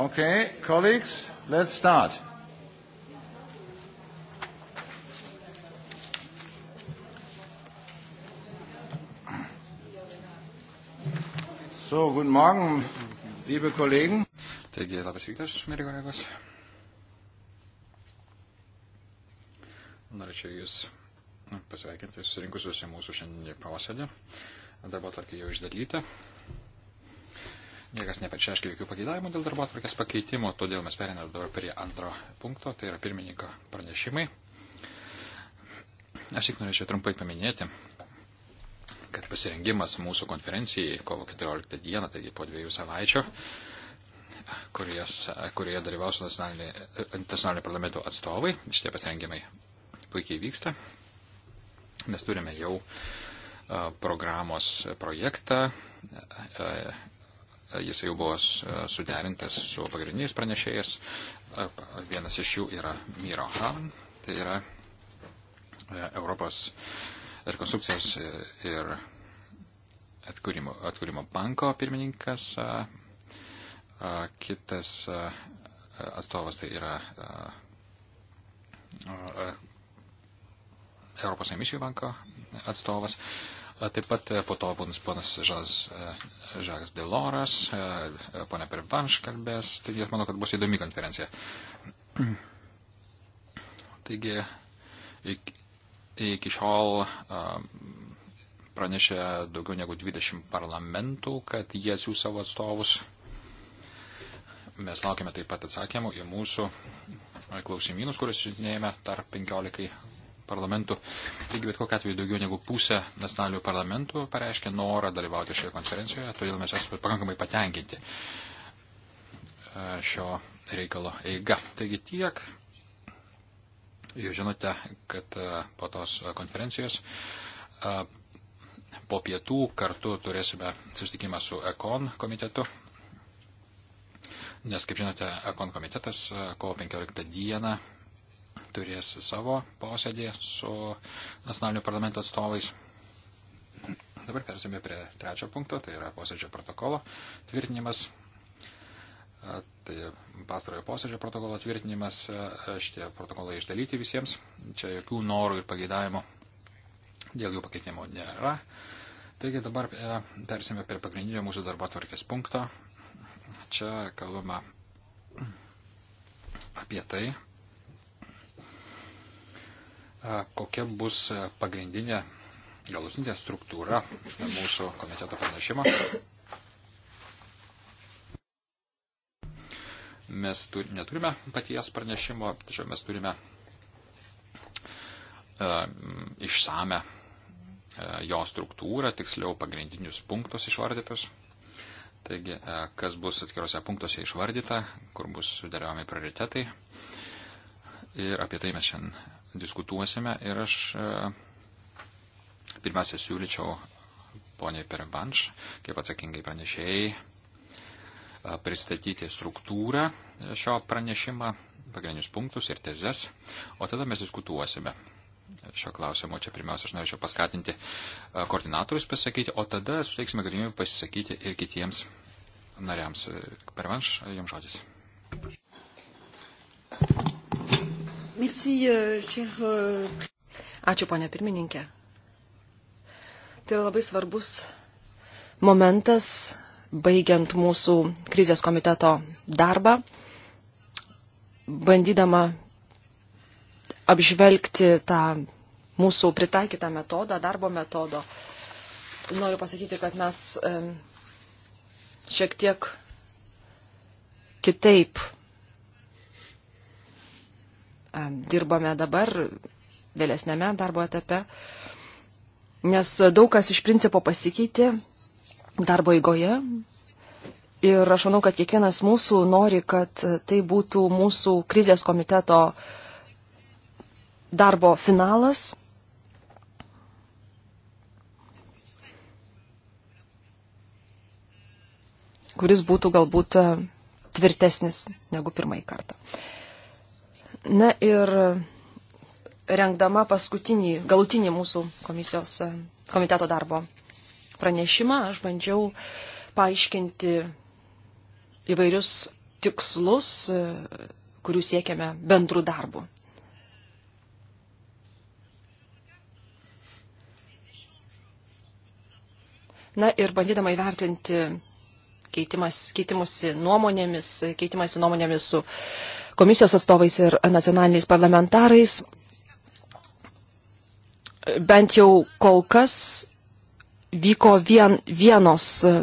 Okay, colleagues, let's start. So, guten Morgen, liebe Kollegen. Taigi, labas rytas, mėly kolegos. Norėčiau Jūs pasveikinti susirinkusius į mūsų šiandien posėdį. Dabar tarkai jau išdalyta. Niekas nepačiaškė jokių pageidavimų dėl darbo atvarkės pakeitimo, todėl mes periname dabar prie antro punkto, tai yra pirmininko pranešimai. Aš tik norėčiau trumpai paminėti, kad pasirengimas mūsų konferencijai kovo 14 dieną, taigi po dviejų savaičių, kuries, kurioje dalyvaus nacionalinio parlamento atstovai, šitie pasirengimai puikiai vyksta. Mes turime jau programos projektą jis jau buvo e, suderintas su pagrindiniais pranešėjais. E, vienas iš jų yra Miro Havan, tai yra e, Europos rekonstrukcijos ir atkūrimo, atkūrimo banko pirmininkas. Kitas atstovas tai yra Europos emisijų banko atstovas. Taip pat e, po to ponas Žakas e, Deloras, e, ponė Pervanš kalbės, taigi manau, kad bus įdomi konferencija. Taigi iki, iki šiol pranešė daugiau negu 20 parlamentų, kad jie atsiūs savo atstovus. Mes laukiame taip pat atsakymų į mūsų klausimynus, kuriuos išsinėjame tarp 15 parlamentų. Taigi bet kokia atveju daugiau negu pusė nacionalinių parlamentų pareiškė norą dalyvauti šioje konferencijoje, todėl mes esame pakankamai patenkinti e, šio reikalo eiga. Taigi tiek. Jūs žinote, kad e, po tos konferencijos e, po pietų kartu turėsime susitikimą su ECON komitetu, nes, kaip žinote, ECON komitetas kovo 15 dieną turės savo posėdį su nacionalinio parlamento atstovais. Dabar persime prie trečio punkto, tai yra posėdžio protokolo tvirtinimas. Tai pastarojo posėdžio protokolo tvirtinimas, šitie protokolai išdalyti visiems, čia jokių norų ir pageidavimų dėl jų pakeitimo nėra. Taigi dabar persime prie pagrindinio mūsų darbo tvarkės punkto. Čia kalbama apie tai, kokia bus pagrindinė galutinė struktūra mūsų komiteto pranešimo. Mes tu, neturime paties pranešimo, tačiau mes turime uh, išsame uh, jo struktūrą, tiksliau pagrindinius punktus išvardytus. Taigi, uh, kas bus atskiruose punktuose išvardyta, kur bus sudėliojami prioritetai. Ir apie tai mes šiandien diskutuosime ir aš e, pirmiausia siūlyčiau poniai Perebanš, kaip atsakingai pranešėjai, e, pristatyti struktūrą šio pranešimą, pagrindinius punktus ir tezes, o tada mes diskutuosime šio klausimo. Čia pirmiausia, aš norėčiau paskatinti e, koordinatorius pasakyti, o tada suteiksime galimybę pasisakyti ir kitiems nariams. Pervanš, jums žodis. Merci, euh, cher... Euh, Ačiū, ponė pirmininkė. Tai yra labai svarbus momentas, baigiant mūsų krizės komiteto darbą, bandydama apžvelgti tą mūsų pritaikytą metodą, darbo metodo. Noriu pasakyti, kad mes šiek tiek kitaip dirbame dabar, vėlesnėme darbo etape, nes daug kas iš principo pasikeitė darbo įgoje. Ir aš manau, kad kiekvienas mūsų nori, kad tai būtų mūsų krizės komiteto darbo finalas. kuris būtų galbūt e, tvirtesnis negu pirmąjį kartą. Uh, Na ir rengdama paskutinį, galutinį mūsų komisijos e, komiteto darbo pranešimą, aš bandžiau paaiškinti įvairius tikslus, e, kurių siekiame bendrų darbų. Na ir bandydama įvertinti keitimas, keitimusi nuomonėmis, keitimasi nuomonėmis su komisijos atstovais ir nacionaliniais parlamentarais. Bent jau kol kas vyko vien, vienos e,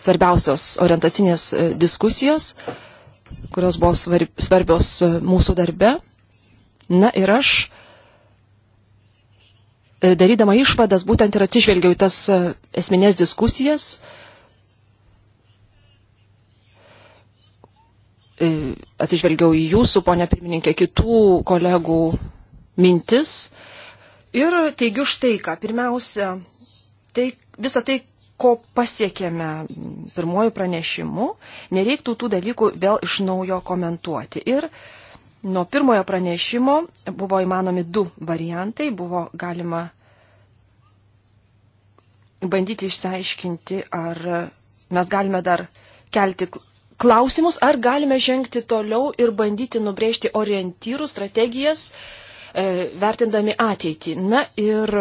svarbiausios orientacinės e, diskusijos, kurios buvo svarbios e, mūsų darbe. Na ir aš, darydama išvadas, būtent ir atsižvelgiau į tas esminės diskusijas, E, atsižvelgiau į jūsų, ponia pirmininkė, kitų kolegų mintis ir teigiu štai ką. Pirmiausia, tai visą tai, ko pasiekėme pirmojų pranešimų, nereiktų tų dalykų vėl iš naujo komentuoti. Ir nuo pirmojo pranešimo buvo įmanomi du variantai, buvo galima bandyti išsiaiškinti, ar mes galime dar kelti klausimus, ar galime žengti toliau ir bandyti nubrėžti orientyrų strategijas, e, vertindami ateitį. Na ir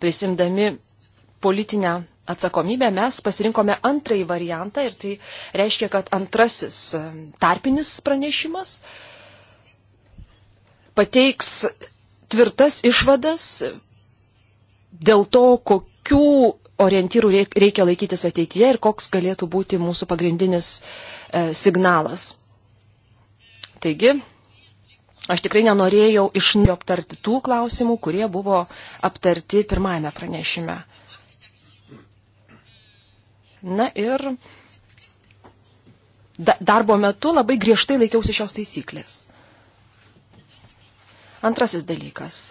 prisimdami politinę atsakomybę mes pasirinkome antrąjį variantą ir tai reiškia, kad antrasis e, tarpinis pranešimas pateiks tvirtas išvadas dėl to, kokių orientyrų reikia laikytis ateityje ir koks galėtų būti mūsų pagrindinis e, signalas. Taigi, aš tikrai nenorėjau iš naujo aptarti tų klausimų, kurie buvo aptarti pirmajame pranešime. Na ir darbo metu labai griežtai laikiausi šios taisyklės. Antrasis dalykas,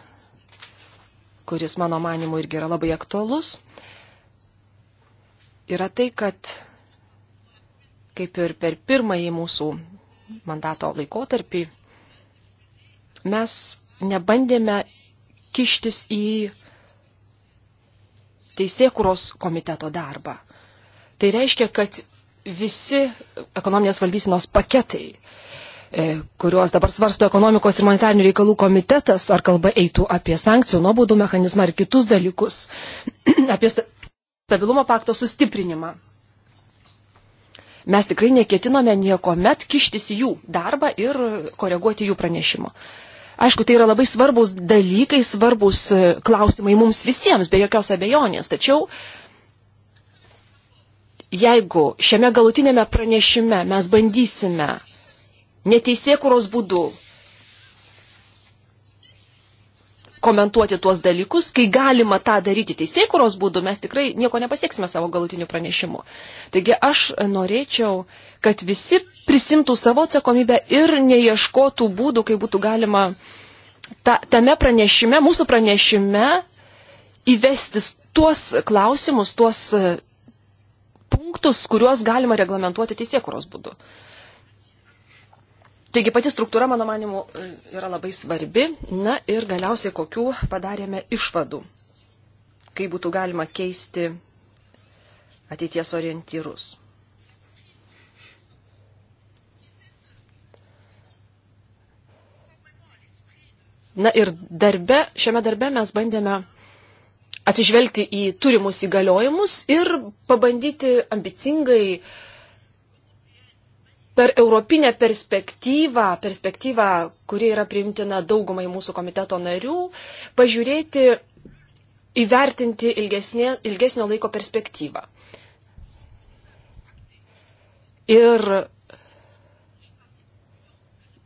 kuris mano manimu irgi yra labai aktualus – yra tai, kad kaip ir per pirmąjį mūsų mandato laikotarpį mes nebandėme kištis į teisėkuros komiteto darbą. Tai reiškia, kad visi ekonominės valdysinos paketai, e, kuriuos dabar svarsto ekonomikos ir monetarinių reikalų komitetas, ar kalba eitų apie sankcijų, nuobaudų mechanizmą ar kitus dalykus, apie stabilumo pakto sustiprinimą. Mes tikrai neketinome nieko met kištis į jų darbą ir koreguoti jų pranešimo. Aišku, tai yra labai svarbus dalykai, svarbus e, klausimai mums visiems, be jokios abejonės. Tačiau jeigu šiame galutinėme pranešime mes bandysime neteisėkuros būdu komentuoti tuos dalykus, kai galima tą daryti teisėkuros būdu, mes tikrai nieko nepasieksime savo galutiniu pranešimu. Taigi aš norėčiau, kad visi prisimtų savo atsakomybę ir neieškotų būdų, kaip būtų galima ta, tame pranešime, mūsų pranešime įvesti tuos klausimus, tuos punktus, kuriuos galima reglamentuoti teisėkuros būdu. Uh, Taigi pati struktūra, mano manimu, yra labai svarbi. Na ir galiausiai kokių padarėme išvadų, kaip būtų galima keisti ateities orientyrus. Na ir darbe, šiame darbe mes bandėme atsižvelgti į turimus įgaliojimus ir pabandyti ambicingai uh, per europinę perspektyvą, perspektyvą, kuri yra priimtina daugumai mūsų komiteto narių, pažiūrėti, įvertinti ilgesnė, ilgesnio laiko perspektyvą. Ir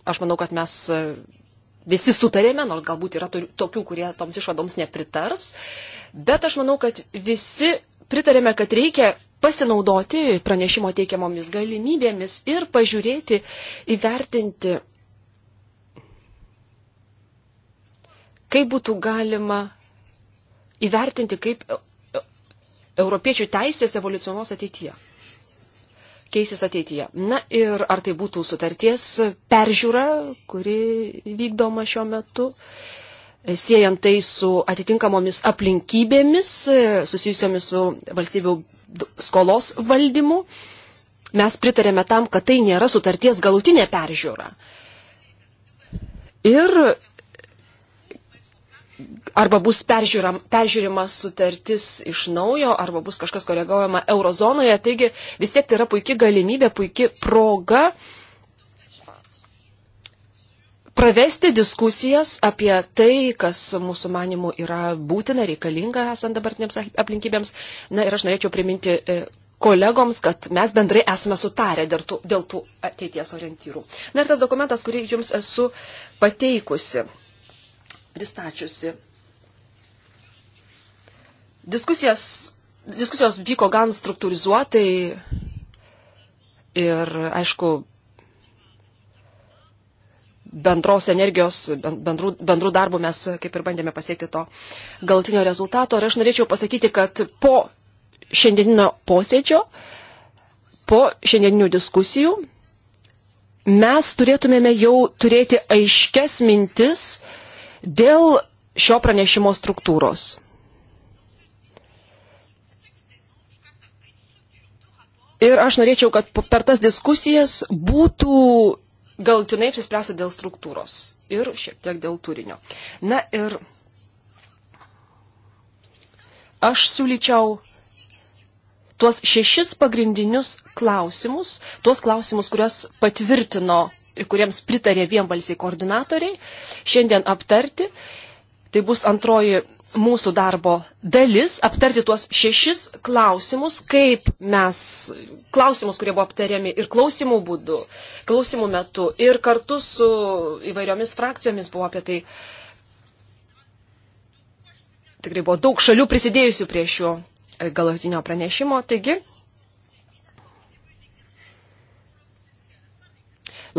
aš manau, kad mes visi sutarėme, nors galbūt yra tokių, kurie toms išvadoms nepritars, bet aš manau, kad visi pritarėme, kad reikia pasinaudoti pranešimo teikiamomis galimybėmis ir pažiūrėti, įvertinti, kaip būtų galima įvertinti, kaip europiečių teisės evoliucionuos ateityje. Keisis ateityje. Na ir ar tai būtų sutarties peržiūra, kuri vykdoma šiuo metu, siejant tai su atitinkamomis aplinkybėmis susijusiomis su valstybių skolos valdymu. Mes pritarėme tam, kad tai nėra sutarties galutinė peržiūra. Ir arba bus peržiūrima sutartis iš naujo, arba bus kažkas koreguojama eurozonoje. Taigi vis tiek tai yra puikia galimybė, puikia proga uh, pravesti diskusijas apie tai, kas mūsų manimų yra būtina, reikalinga esant dabartiniams aplinkybėms. Na ir aš norėčiau priminti e, kolegoms, kad mes bendrai esame sutarę dėl tų, dėl tų ateities orientyrų. Na ir tas dokumentas, kurį jums esu pateikusi, pristačiusi. Diskusijas, diskusijos vyko gan struktūrizuotai ir, aišku, bendros energijos, bendrų, bendrų darbų mes kaip ir bandėme pasiekti to galtinio rezultato. Ir aš norėčiau pasakyti, kad po šiandieninio posėdžio, po šiandieninių diskusijų, mes turėtumėme jau turėti aiškes mintis dėl šio pranešimo struktūros. Ir aš norėčiau, kad per tas diskusijas būtų galtinai apsispręsta dėl struktūros ir šiek tiek dėl turinio. Na ir aš siūlyčiau tuos šešis pagrindinius klausimus, tuos klausimus, kuriuos patvirtino ir kuriems pritarė vienbalsiai koordinatoriai, šiandien aptarti Tai bus antroji mūsų darbo dalis - aptarti tuos šešis klausimus, kaip mes klausimus, kurie buvo aptariami ir klausimų būdu, klausimų metu, ir kartu su įvairiomis frakcijomis buvo apie tai. Tikrai buvo daug šalių prisidėjusių prie šio e, galutinio pranešimo. Taigi,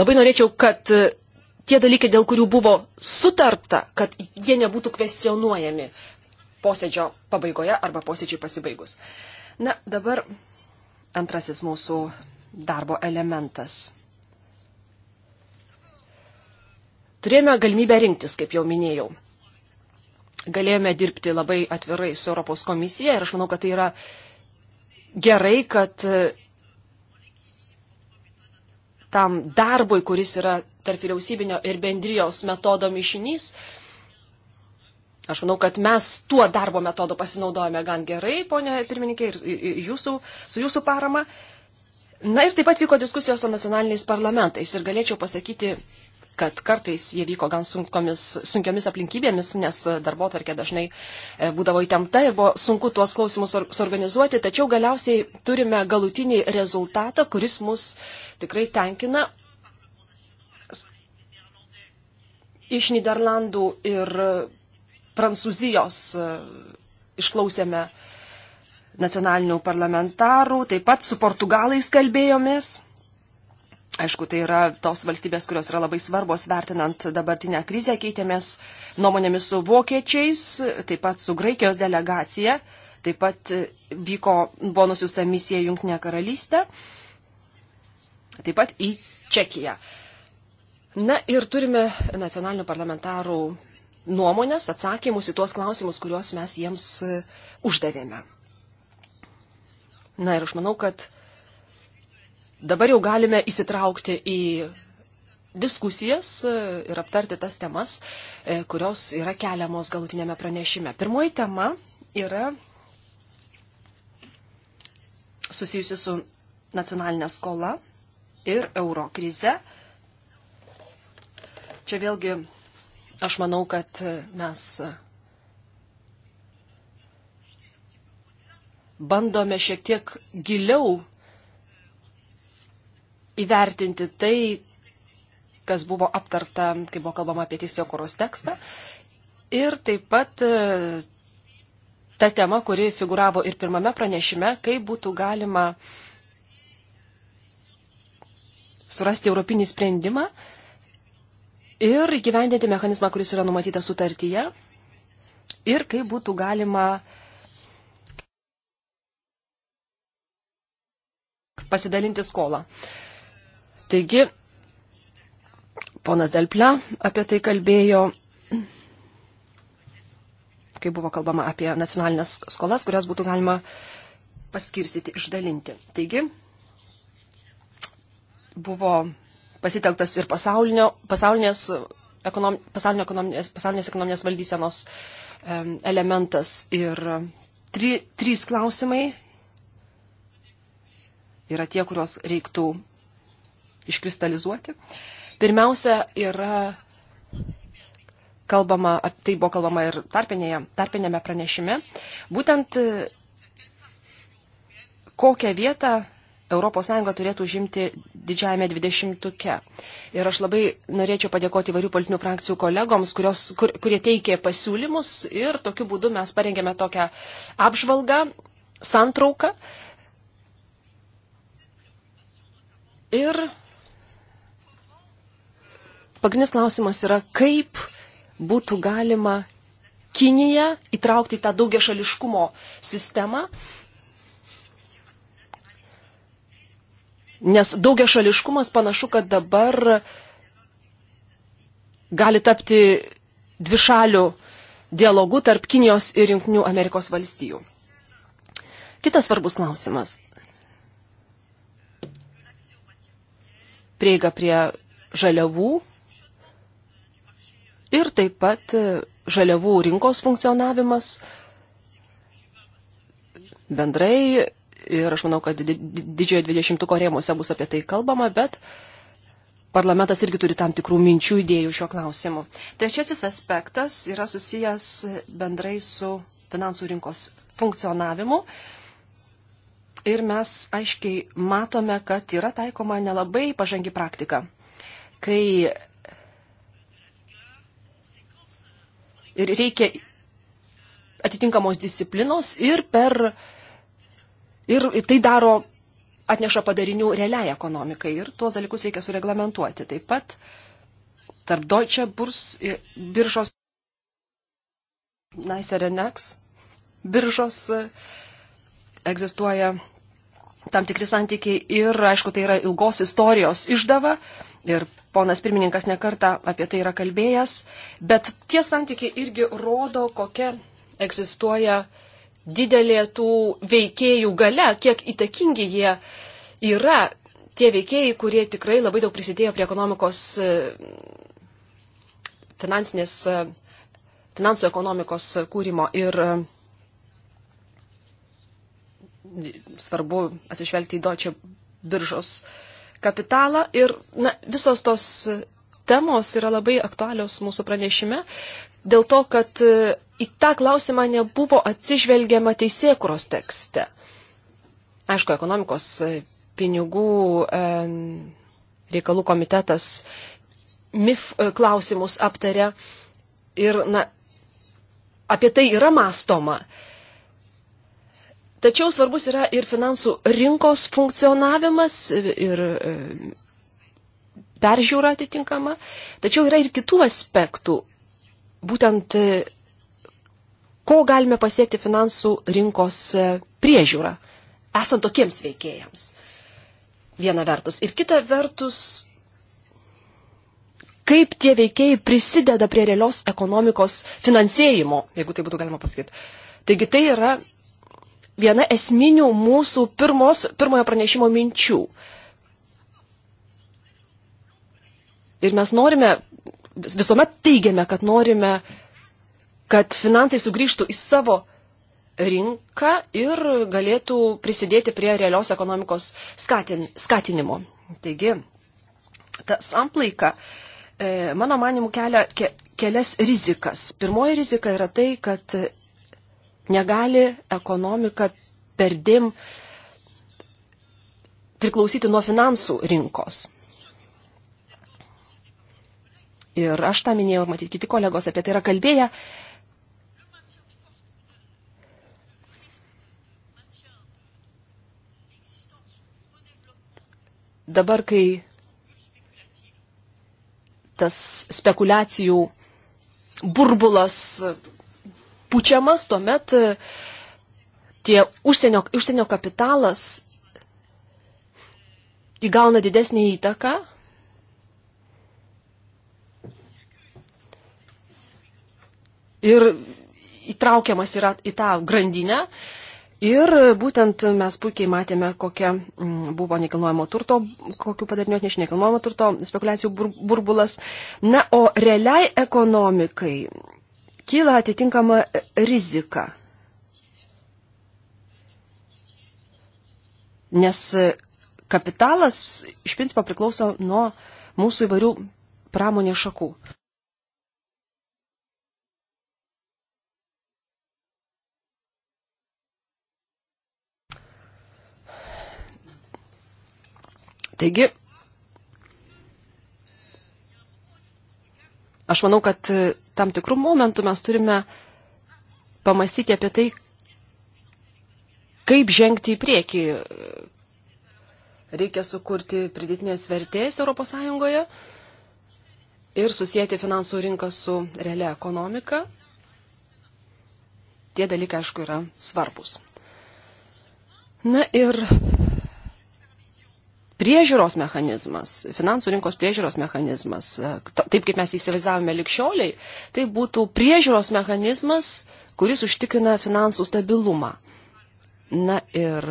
labai norėčiau, kad tie dalykai, dėl kurių buvo sutarta, kad jie nebūtų kvestionuojami posėdžio pabaigoje arba posėdžiai pasibaigus. Na, dabar antrasis mūsų darbo elementas. Turėjome galimybę rinktis, kaip jau minėjau. Galėjome dirbti labai atvirai su Europos komisija ir aš manau, kad tai yra gerai, kad tam darbui, kuris yra tarp vyriausybinio ir bendrijos metodo mišinys. Aš manau, kad mes tuo darbo metodu pasinaudojame gan gerai, ponė pirmininkė, ir jūsų, su jūsų parama. Na ir taip pat vyko diskusijos su nacionaliniais parlamentais ir galėčiau pasakyti, kad kartais jie vyko gan sunkomis, sunkiomis aplinkybėmis, nes darbo tvarkė dažnai e, būdavo įtempta ir buvo sunku tuos klausimus suorganizuoti, tačiau galiausiai turime galutinį rezultatą, kuris mus tikrai tenkina, iš Niderlandų ir e, Prancūzijos e, išklausėme nacionalinių parlamentarų, taip pat su portugalais kalbėjomės. Aišku, tai yra tos valstybės, kurios yra labai svarbos vertinant dabartinę krizę, keitėmės nuomonėmis su vokiečiais, taip pat su Graikijos delegacija, taip pat e, vyko, buvo nusiusta misija Junktinė karalystė, taip pat į Čekiją. Na ir turime nacionalinių parlamentarų nuomonės, atsakymus į tuos klausimus, kuriuos mes jiems e, uždavėme. Na ir aš manau, kad dabar jau galime įsitraukti į diskusijas e, ir aptarti tas temas, e, kurios yra keliamos galutinėme pranešime. Pirmoji tema yra susijusi su nacionalinė skola ir euro krize Čia vėlgi aš manau, kad mes bandome šiek tiek giliau įvertinti tai, kas buvo aptarta, kai buvo kalbama apie teisėjo kuros tekstą. Ir taip pat e, ta tema, kuri figuravo ir pirmame pranešime, kaip būtų galima surasti europinį sprendimą, ir įgyvendinti mechanizmą, kuris yra numatytas sutartyje ir kaip būtų galima pasidalinti skolą. Taigi, ponas Delplia apie tai kalbėjo, kai buvo kalbama apie nacionalinės skolas, kurias būtų galima paskirstyti, išdalinti. Taigi, buvo pasitelktas ir pasaulinės, ekonom, pasaulinės, ekonominės, pasaulinės ekonominės valdysenos elementas. Ir tri, trys klausimai yra tie, kuriuos reiktų iškristalizuoti. Pirmiausia yra kalbama, tai buvo kalbama ir tarpinėje, tarpinėme pranešime, būtent kokią vietą ES turėtų užimti didžiajame dvidešimtuke. Ir aš labai norėčiau padėkoti įvairių politinių frakcijų kolegoms, kurios, kur, kurie teikė pasiūlymus ir tokiu būdu mes parengėme tokią apžvalgą, santrauką. Ir pagrindinis klausimas yra, kaip būtų galima Kiniją įtraukti į tą daugia šališkumo sistemą Nes daugia šališkumas panašu, kad dabar gali tapti dvišalių dialogų tarp Kinijos ir Junktinių Amerikos valstijų. Kitas svarbus klausimas. Prieiga prie žaliavų ir taip pat žaliavų rinkos funkcionavimas, bendrai ir aš manau, kad didžiojo dvidešimtuko rėmuose bus apie tai kalbama, bet parlamentas irgi turi tam tikrų minčių, idėjų šiuo klausimu. Trečiasis aspektas yra susijęs bendrai su finansų rinkos funkcionavimu. Ir mes aiškiai matome, kad yra taikoma nelabai pažangi praktika, kai ir reikia atitinkamos disciplinos ir per uh, Ir tai daro, atneša padarinių realiai ekonomikai ir tuos dalykus reikia sureglamentuoti. Taip pat tarp Deutsche Burs, biržos, Nicerenex biržos e, egzistuoja tam tikri santykiai ir, aišku, tai yra ilgos istorijos išdava ir ponas pirmininkas nekarta apie tai yra kalbėjęs, bet tie santykiai irgi rodo, kokia egzistuoja uh, didelė tų veikėjų gale, kiek įtakingi jie yra, tie veikėjai, kurie tikrai labai daug prisidėjo prie ekonomikos, e, finansinės, e, finansų ekonomikos kūrimo ir e, svarbu atsižvelgti į Deutsche biržos kapitalą ir na, visos tos temos yra labai aktualios mūsų pranešime dėl to, kad e, į tą klausimą nebuvo atsižvelgiama teisėkuros tekste. Aišku, ekonomikos e, pinigų e, reikalų komitetas MIF klausimus aptarė ir na, apie tai yra mąstoma. Tačiau svarbus yra ir finansų rinkos funkcionavimas ir peržiūra atitinkama. Tačiau yra ir kitų aspektų būtent e, ko galime pasiekti finansų rinkos e, priežiūrą, esant tokiems veikėjams. Viena vertus. Ir kita vertus, kaip tie veikėjai prisideda prie realios ekonomikos finansėjimo, jeigu tai būtų galima pasakyti. Taigi tai yra viena esminių mūsų pirmos, pirmojo pranešimo minčių. Ir mes norime visuomet teigiame, kad norime, kad finansai sugrįžtų į savo rinką ir galėtų prisidėti prie realios ekonomikos skatin, skatinimo. Taigi, ta samplaika, e, mano manimu, kelia ke, kelias rizikas. Pirmoji rizika yra tai, kad negali ekonomika perdim priklausyti nuo finansų rinkos ir aš tą minėjau, ir matyti kiti kolegos apie tai yra kalbėję. Dabar, kai tas spekulacijų burbulas pučiamas, tuomet e, tie užsienio, užsienio kapitalas įgauna didesnį įtaką ir įtraukiamas yra į tą grandinę. Ir būtent mes puikiai matėme, kokia mm, buvo nekilnojamo turto, kokiu padariniu atneš nekilnojamo turto spekulacijų burbulas. Na, o realiai ekonomikai kyla atitinkama rizika. Nes kapitalas iš principo priklauso nuo mūsų įvairių pramonės šakų. Taigi, aš manau, kad e, tam tikrų momentų mes turime pamastyti apie tai, kaip žengti į priekį. Reikia sukurti pridėtinės vertės ES ir susijęti finansų rinką su realia ekonomika. Tie dalykai, aišku, yra svarbus. Na ir priežiūros mechanizmas, finansų rinkos priežiūros mechanizmas, e, taip kaip mes įsivaizdavome likščioliai, tai būtų priežiūros mechanizmas, kuris užtikrina finansų stabilumą. Na ir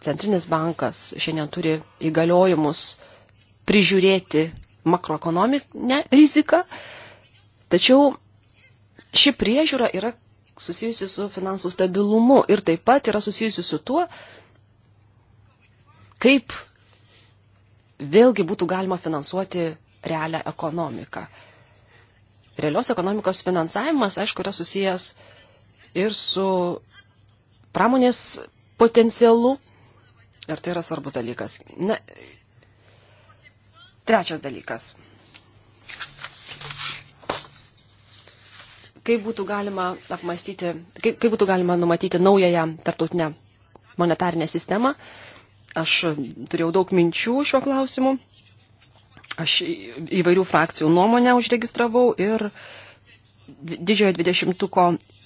centrinis bankas šiandien turi įgaliojimus prižiūrėti makroekonominę riziką, tačiau ši priežiūra yra susijusi su finansų stabilumu ir taip pat yra susijusi su tuo, kaip vėlgi būtų galima finansuoti realią ekonomiką. Realios ekonomikos finansavimas, aišku, yra susijęs ir su pramonės potencialu. Ir tai yra svarbus dalykas. Na, trečias dalykas. Kaip būtų galima apmastyti, kaip, kaip būtų galima numatyti naująją tarptautinę monetarinę sistemą, Aš turėjau daug minčių šiuo klausimu. Aš įvairių frakcijų nuomonę užregistravau ir didžiojo dvidešimtuko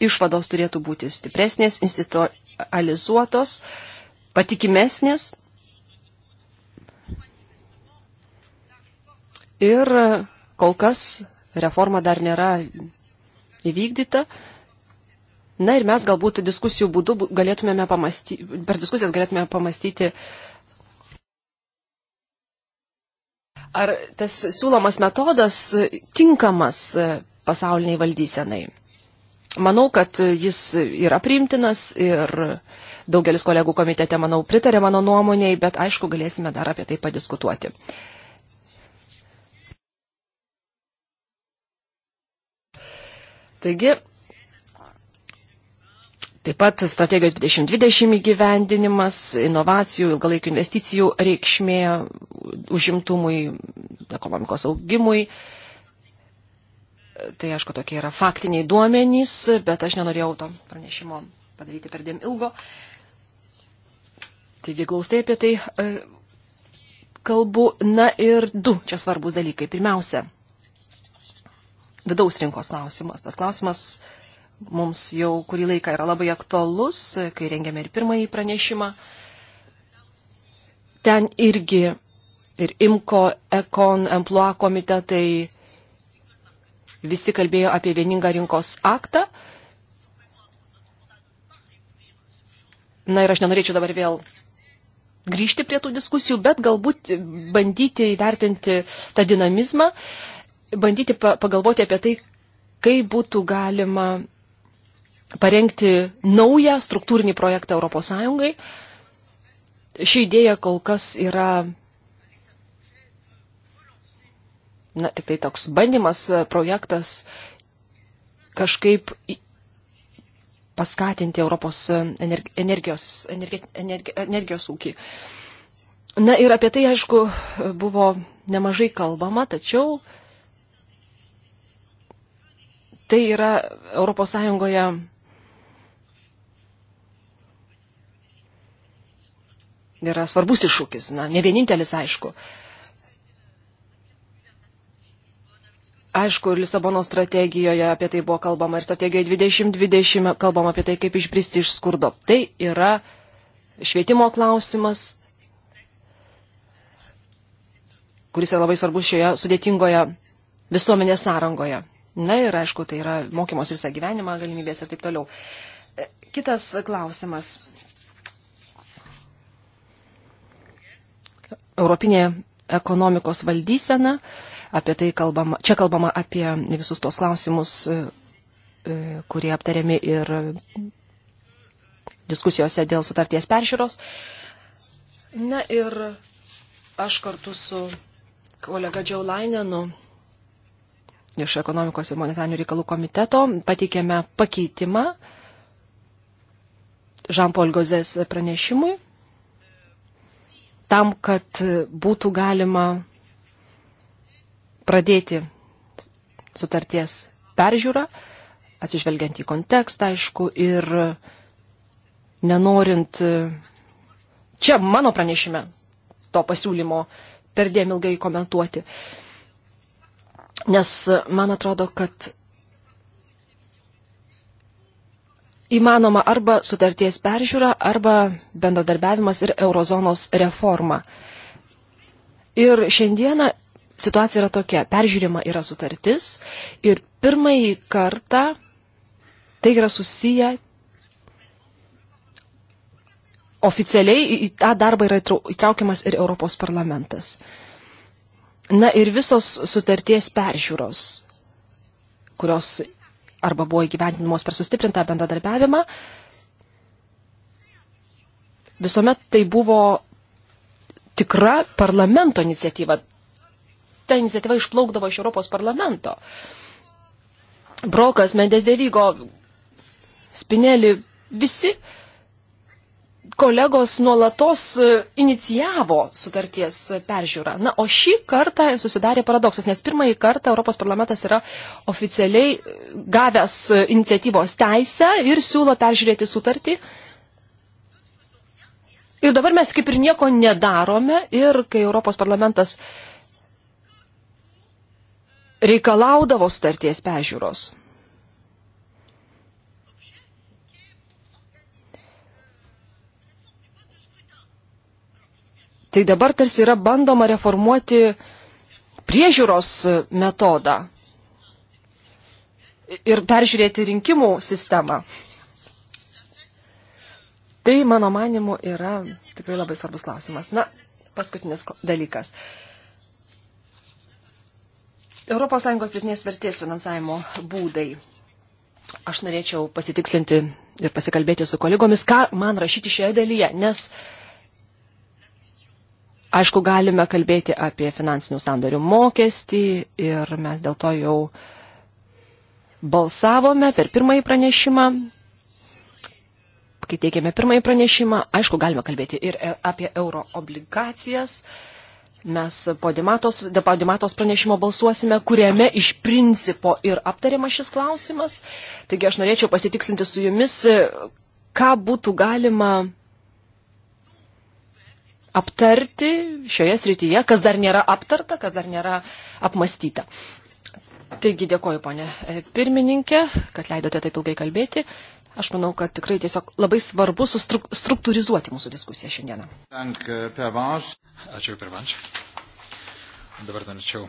išvados turėtų būti stipresnės, institualizuotos, patikimesnės. Ir kol kas reforma dar nėra įvykdyta. Na ir mes galbūt diskusijų būdu galėtumėme pamastyti, per diskusijas galėtume pamastyti, ar tas siūlomas metodas tinkamas pasauliniai valdysenai. Manau, kad jis yra priimtinas ir daugelis kolegų komitete, manau, pritarė mano nuomonėjai, bet aišku, galėsime dar apie tai padiskutuoti. Taigi, Taip pat strategijos 2020 įgyvendinimas, inovacijų, ilgalaikių investicijų reikšmė užimtumui, ekonomikos augimui. Tai aišku, tokie yra faktiniai duomenys, bet aš nenorėjau to pranešimo padaryti per dėm ilgo. Taigi glaustai apie tai e, kalbu. Na ir du čia svarbus dalykai. Pirmiausia, vidaus rinkos klausimas. Tas klausimas mums jau kurį laiką yra labai aktualus, kai rengėme ir pirmąjį pranešimą. Ten irgi ir IMCO, ECON, EMPLOA komitetai visi kalbėjo apie vieningą rinkos aktą. Na ir aš nenorėčiau dabar vėl grįžti prie tų diskusijų, bet galbūt bandyti įvertinti tą dinamizmą, bandyti pagalvoti apie tai, kaip būtų galima parengti naują struktūrinį projektą ES. Ši idėja kol kas yra na, tik tai toks bandymas, e, projektas kažkaip paskatinti Europos e, energijos, energi, energi, energijos ūkį. Na ir apie tai, aišku, buvo nemažai kalbama, tačiau tai yra ES yra svarbus iššūkis, na, ne vienintelis, aišku. Aišku, ir Lisabono strategijoje apie tai buvo kalbama, ir strategijoje 2020 kalbama apie tai, kaip išbristi iš skurdo. Tai yra švietimo klausimas, kuris yra labai svarbus šioje sudėtingoje visuomenės sąrangoje. Na ir aišku, tai yra mokymos visą gyvenimą, galimybės ir taip toliau. E, kitas klausimas. europinė ekonomikos valdysena. Apie tai kalbama, čia kalbama apie visus tos klausimus, e, e, kurie aptariami ir diskusijose dėl sutarties peržiūros. Na ir aš kartu su kolega Džiaulainenu iš ekonomikos ir monetarinių reikalų komiteto pateikėme pakeitimą Žampolgozės pranešimui tam, kad būtų galima pradėti sutarties peržiūrą, atsižvelgiant į kontekstą, aišku, ir nenorint čia mano pranešime to pasiūlymo per dėm ilgai komentuoti. Nes man atrodo, kad įmanoma arba sutarties peržiūra, arba bendradarbiavimas ir eurozonos reforma. Ir šiandieną situacija yra tokia. Peržiūrima yra sutartis ir pirmąjį kartą tai yra susiję oficialiai į tą darbą yra įtraukiamas ir Europos parlamentas. Na ir visos sutarties peržiūros, kurios arba buvo įgyvendinamos per sustiprintą bendradarbiavimą, visuomet tai buvo tikra parlamento iniciatyva. Ta iniciatyva išplaukdavo iš Europos parlamento. Brokas, Mendes Devygo, Spinelį, visi kolegos nuolatos e, inicijavo sutarties peržiūrą. Na, o šį kartą susidarė paradoksas, nes pirmąjį kartą Europos parlamentas yra oficialiai e, gavęs e, iniciatyvos teisę ir siūlo peržiūrėti sutartį. Ir dabar mes kaip ir nieko nedarome ir kai Europos parlamentas reikalaudavo sutarties peržiūros. Tai dabar tarsi yra bandoma reformuoti priežiūros metodą ir peržiūrėti rinkimų sistemą. Tai, mano manimu, yra tikrai labai svarbus klausimas. Na, paskutinis dalykas. ES pritinės vertės finansavimo būdai. Aš norėčiau pasitikslinti ir pasikalbėti su kolegomis, ką man rašyti šioje dalyje, nes uh, Aišku, galime kalbėti apie finansinių sandarių mokestį ir mes dėl to jau balsavome per pirmąjį pranešimą. Kai teikėme pirmąjį pranešimą, aišku, galime kalbėti ir e, apie euro obligacijas. Mes po Dimatos, po Dimatos pranešimo balsuosime, kuriame iš principo ir aptariama šis klausimas. Taigi aš norėčiau pasitikslinti su jumis, e, ką būtų galima aptarti šioje srityje, kas dar nėra aptarta, kas dar nėra apmastyta. Taigi dėkoju, ponė e, pirmininkė, kad leidote taip ilgai kalbėti. Aš manau, kad tikrai tiesiog labai svarbu struktūrizuoti mūsų diskusiją šiandieną. E, Ačiū, Pervanš. Dabar norėčiau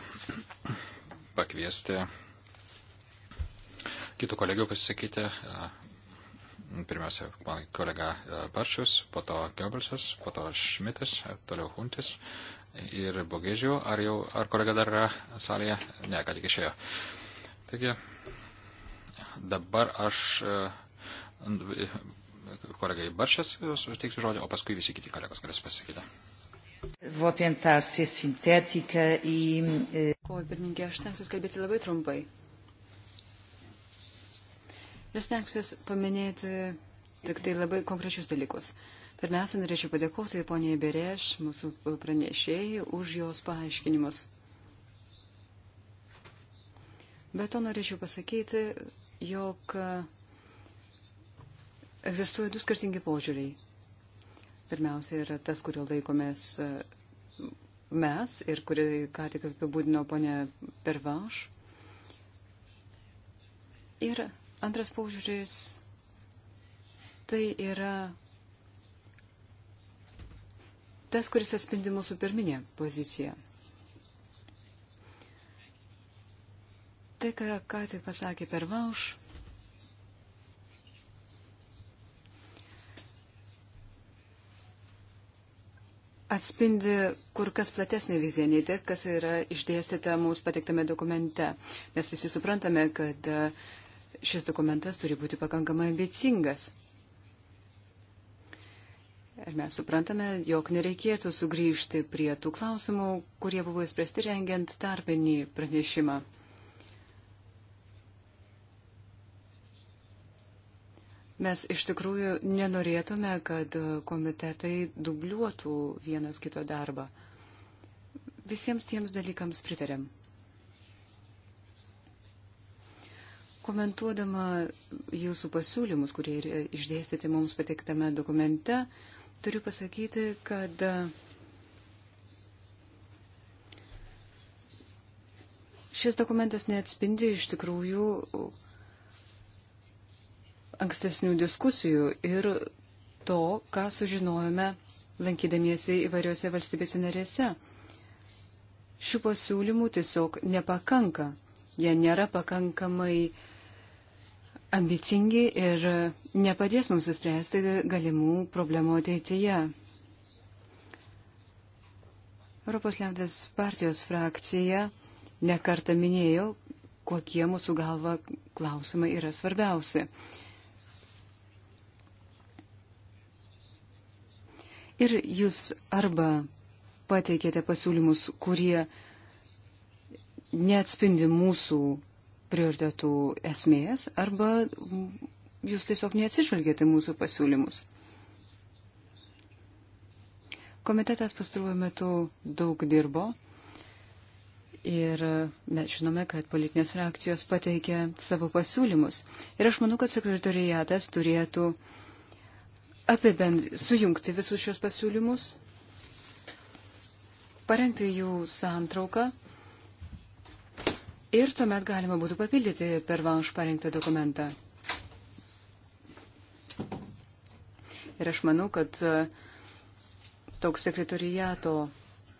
pakviesti kitų kolegijų pasisakyti. E, Pirmiausia, kolega e, Barčius, po to Goebbelsas, po to Šmitas, e, toliau Huntis ir Bogėžių. Ar, jau, ar kolega dar yra salėje? Ne, ką tik išėjo. Taigi, dabar aš e, kolegai Barčias suteiksiu žodį, o paskui visi kiti kolegos galės pasakyti. Vou tentar ser sintética e. Oi, pirmininkė, aš tenksiu kalbėti labai trumpai. Aš stengsiuos paminėti tik tai labai konkrečius dalykus. Pirmiausia, norėčiau padėkoti poniai Bereš, mūsų pranešėjai, už jos paaiškinimus. Be to norėčiau pasakyti, jog egzistuoja du skirtingi požiūriai. Pirmiausia yra tas, kurio laikomės e, mes ir kurį ką tik apibūdino ponė Pervanš. Ir Antras paužiūris tai yra tas, kuris atspindi mūsų pirminė pozicija. Tai, ką, ką tik pasakė per Vauš, atspindi kur kas platesnį viziją, nei tai, kas yra išdėstyta mūsų pateiktame dokumente. Mes visi suprantame, kad uh, šis dokumentas turi būti pakankamai ambicingas. Ir mes suprantame, jog nereikėtų sugrįžti prie tų klausimų, kurie buvo įspręsti rengiant tarpinį pranešimą. Mes iš tikrųjų nenorėtume, kad komitetai dubliuotų vienas kito darbą. Visiems tiems dalykams pritarėm. Komentuodama jūsų pasiūlymus, kurie yra išdėstyti mums pateiktame dokumente, turiu pasakyti, kad e, šis dokumentas neatspindi iš tikrųjų ankstesnių diskusijų ir to, ką sužinojome lankydamiesi įvairiose valstybėse narėse. Šių pasiūlymų tiesiog nepakanka. Jie nėra pakankamai uh, ambicingi ir nepadės mums įspręsti galimų problemų ateityje. Europos liaudės partijos frakcija nekartą minėjo, kokie mūsų galva klausimai yra svarbiausi. Ir jūs arba pateikėte pasiūlymus, kurie neatspindi mūsų prioritetų esmės arba jūs tiesiog neatsižvelgėte mūsų pasiūlymus. Komitetas pastaruoju metu daug dirbo ir mes žinome, kad politinės frakcijos pateikė savo pasiūlymus. Ir aš manau, kad sekretariatas turėtų apibend... sujungti visus šios pasiūlymus, parengti jų santrauką Ir tuomet galima būtų papildyti per vanš parengtą dokumentą. Ir aš manau, kad e, toks sekretorijato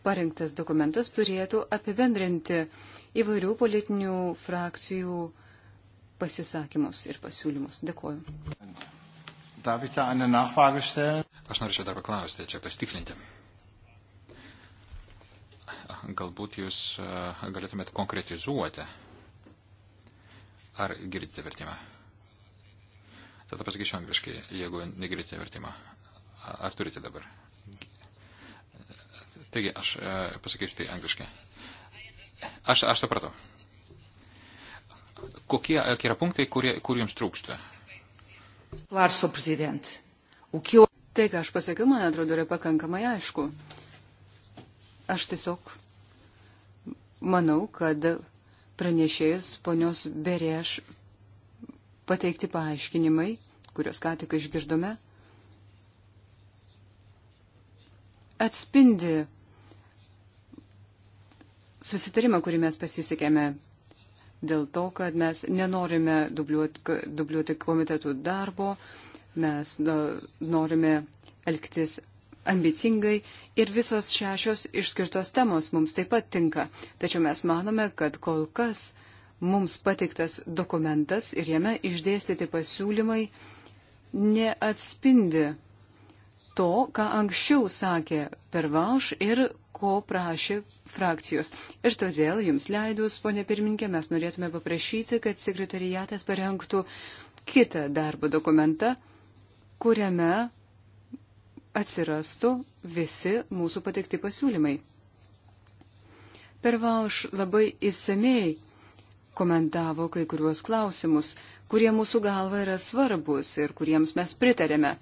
parengtas dokumentas turėtų apibendrinti įvairių politinių frakcijų pasisakymus ir pasiūlymus. Dėkuoju. Aš norėčiau dar paklausti, čia pasitikslinti galbūt jūs e, galėtumėte konkretizuoti. Ar girdite vertimą? Tada pasakysiu angliškai, jeigu negirdite vertimą. Ar turite dabar? Taigi, aš e, pasakysiu tai angliškai. Aš, aš supratau. Kokie e, yra punktai, kurie, kur jums trūksta? Varso prezident. Tai, ką aš pasakiau, man atrodo, yra pakankamai aišku. Aš tiesiog manau, kad pranešėjas ponios Berėš pateikti paaiškinimai, kuriuos ką tik išgirdome, atspindi susitarimą, kurį mes pasisekėme dėl to, kad mes nenorime dubliuoti, dubliuoti komitetų darbo, mes norime elgtis ambicingai ir visos šešios išskirtos temos mums taip pat tinka. Tačiau mes manome, kad kol kas mums pateiktas dokumentas ir jame išdėstyti pasiūlymai neatspindi to, ką anksčiau sakė Pervanš ir ko prašė frakcijos. Ir todėl jums leidus, ponė pirminkė, mes norėtume paprašyti, kad sekretariatas parengtų kitą darbo dokumentą, kuriame atsirastų visi mūsų pateikti pasiūlymai. Pervauš labai įsamei komentavo kai kuriuos klausimus, kurie mūsų galva yra svarbus ir kuriems mes pritarėme.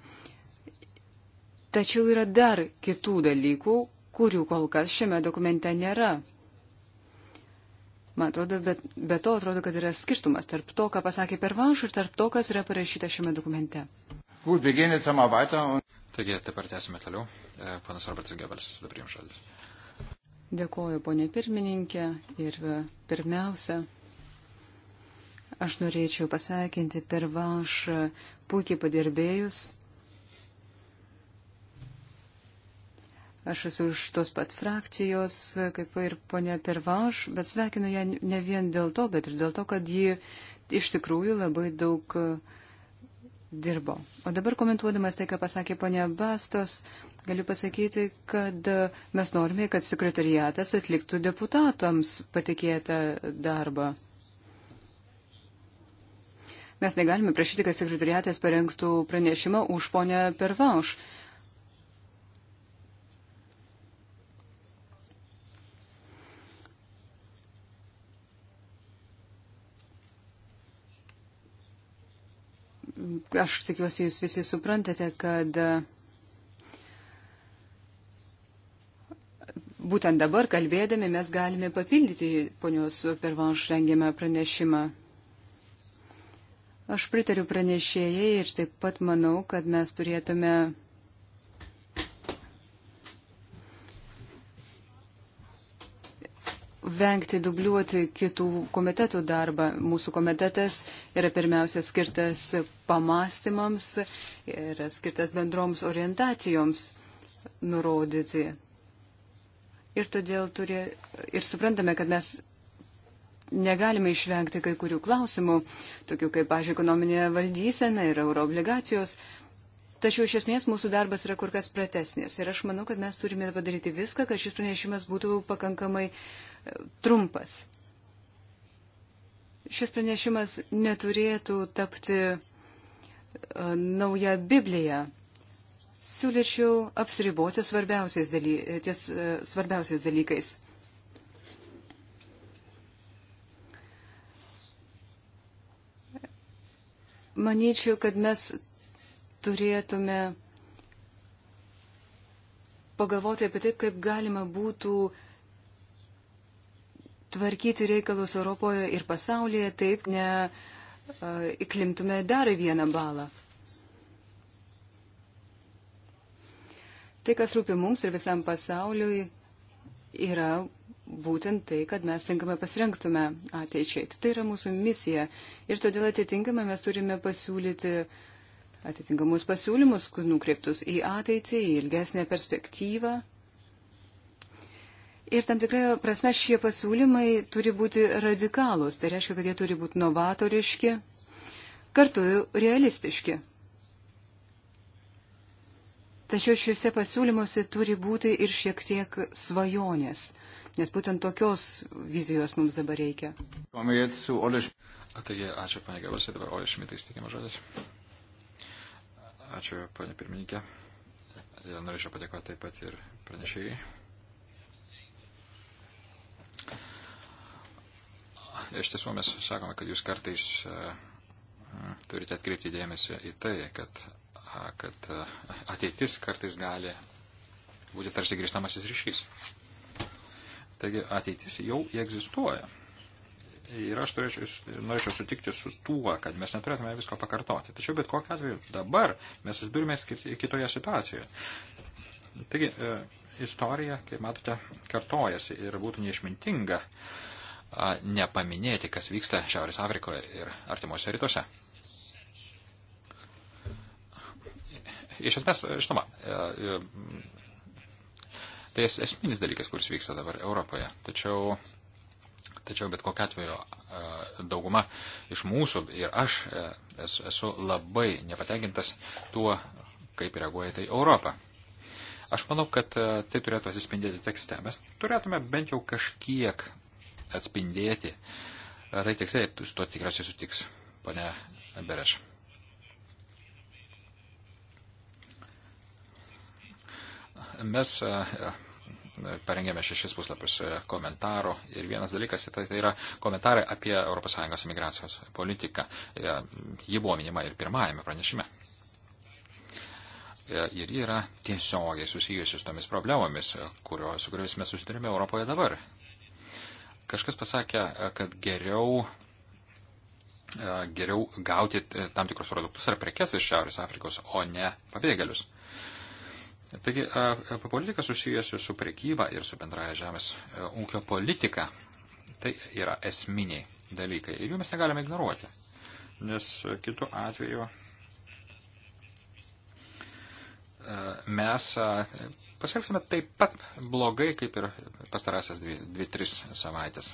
Tačiau yra dar kitų dalykų, kurių kol kas šiame dokumente nėra. Man atrodo, bet be to atrodo, kad yra skirtumas tarp to, ką pasakė Pervanš ir tarp to, kas yra parašyta šiame dokumente. Gut, wir gehen jetzt einmal weiter und Taigi, dabar tęsime toliau. E, Panas Robertas Gebelis, dabar jums žodis. Dėkuoju, ponė pirmininkė. Ir e, pirmiausia, aš norėčiau pasveikinti per vašą e, puikiai padirbėjus. Aš esu iš tos pat frakcijos, kaip ir ponia Pervaš, bet sveikinu ją ne vien dėl to, bet ir dėl to, kad ji iš tikrųjų labai daug uh, dirbo. O dabar komentuodamas tai, ką pasakė ponia Bastos, galiu pasakyti, kad e, mes norime, kad sekretariatas atliktų deputatams patikėtą darbą. Mes negalime prašyti, kad sekretariatas parengtų pranešimą už ponę Pervauš. aš tikiuosi, jūs visi suprantate, kad būtent dabar kalbėdami mes galime papildyti ponios pervanš rengiamą pranešimą. Aš pritariu pranešėjai ir taip pat manau, kad mes turėtume vengti dubliuoti kitų komitetų darbą. Mūsų komitetas yra pirmiausia skirtas pamastymams ir skirtas bendroms orientacijoms nurodyti. Ir todėl turė, ir suprantame, kad mes negalime išvengti kai kurių klausimų, tokių kaip, pažiūrėjau, ekonominė valdysena ir euroobligacijos. Tačiau iš esmės mūsų darbas yra kur kas pratesnis. Ir aš manau, kad mes turime padaryti viską, kad šis pranešimas būtų pakankamai uh, trumpas. Šis pranešimas neturėtų tapti e, nauja Biblija. Siūlyčiau apsiriboti svarbiausiais, daly, e, ties, e, svarbiausiais dalykais. Manyčiau, kad mes turėtume pagalvoti apie taip, kaip galima būtų uh, tvarkyti reikalus Europoje ir pasaulyje taip, ne įklimtume dar vieną balą. Tai, kas rūpi mums ir visam pasauliui, yra būtent tai, kad mes tinkamai pasirinktume ateičiai. Tai, tai yra mūsų misija. Ir todėl atitinkamai mes turime pasiūlyti atitinkamus pasiūlymus, nukreiptus į ateitį, į ilgesnę perspektyvą. Ir tam tikrai prasme šie pasiūlymai turi būti radikalūs, tai reiškia, kad jie turi būti novatoriški, kartu realistiški. Tačiau šiuose pasiūlymuose turi būti ir šiek tiek svajonės, nes būtent tokios vizijos mums dabar reikia. Taigi, ačiū, panė Gavasė, dabar Olė Šmitai įsteigimo žodis. Ačiū, panė pirmininkė. Norėčiau padėkoti taip pat ir pranešėjai iš tiesų mes sakome, kad jūs kartais e, turite atkreipti dėmesį į tai, kad, kad e, ateitis kartais gali būti tarsi grįžtamasis ryšys. Taigi ateitis jau egzistuoja. Ir aš turėčiau, norėčiau sutikti su tuo, kad mes neturėtume visko pakartoti. Tačiau bet kokiu atveju dabar mes atsidurime kitoje situacijoje. Taigi, e, istorija, kaip matote, kartojasi ir būtų neišmintinga uh, nepaminėti, kas vyksta Šiaurės Afrikoje ir artimuose rytuose. Iš esmės, žinoma, e, e, tai esminis dalykas, kuris vyksta dabar Europoje. Tačiau, tačiau bet kokia atveju e, dauguma iš mūsų ir aš esu labai nepatenkintas tuo, kaip reaguoja tai Europą. Aš manau, kad tai turėtų atsispindėti tekste. Mes turėtume bent jau kažkiek atspindėti. Tai tiksliai, su to tikriausiai sutiks, pane Bereš. Mes parengėme šešis puslapius komentarų ir vienas dalykas tai, tai yra komentarai apie ES imigracijos politiką. Ji buvo minima ir pirmajame pranešime. Ir ji yra tiesiogiai susijusi su tomis problemomis, kurio, su kuriomis mes susidurime Europoje dabar. Kažkas pasakė, e, kad geriau, e, geriau gauti e, tam tikrus produktus ar prekes iš Šiaurės Afrikos, o ne pabėgėlius. Taigi, politika susijusi su prekyba ir su bendraja žemės ūkio politika, tai yra esminiai dalykai. Ir jų mes negalime ignoruoti, nes kitų atveju mes Pasielgsime taip pat blogai, kaip ir pastarasias 2-3 savaitės.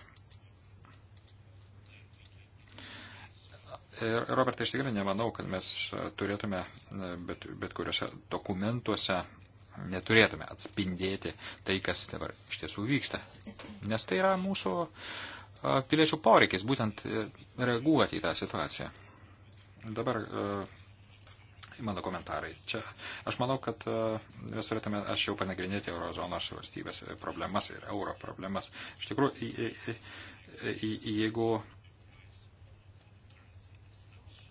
Ir, Robertai, iš tikrųjų nemanau, kad mes turėtume bet, bet kuriuose dokumentuose neturėtume atspindėti tai, kas dabar iš tiesų vyksta. Nes tai yra mūsų piliečių poreikis būtent e, reaguoti į tą situaciją. Dabar e, mano komentarai. Čia aš manau, kad e, mes turėtume, aš jau panagrinėti eurozonos valstybės problemas ir euro problemas. Iš tikrųjų, jeigu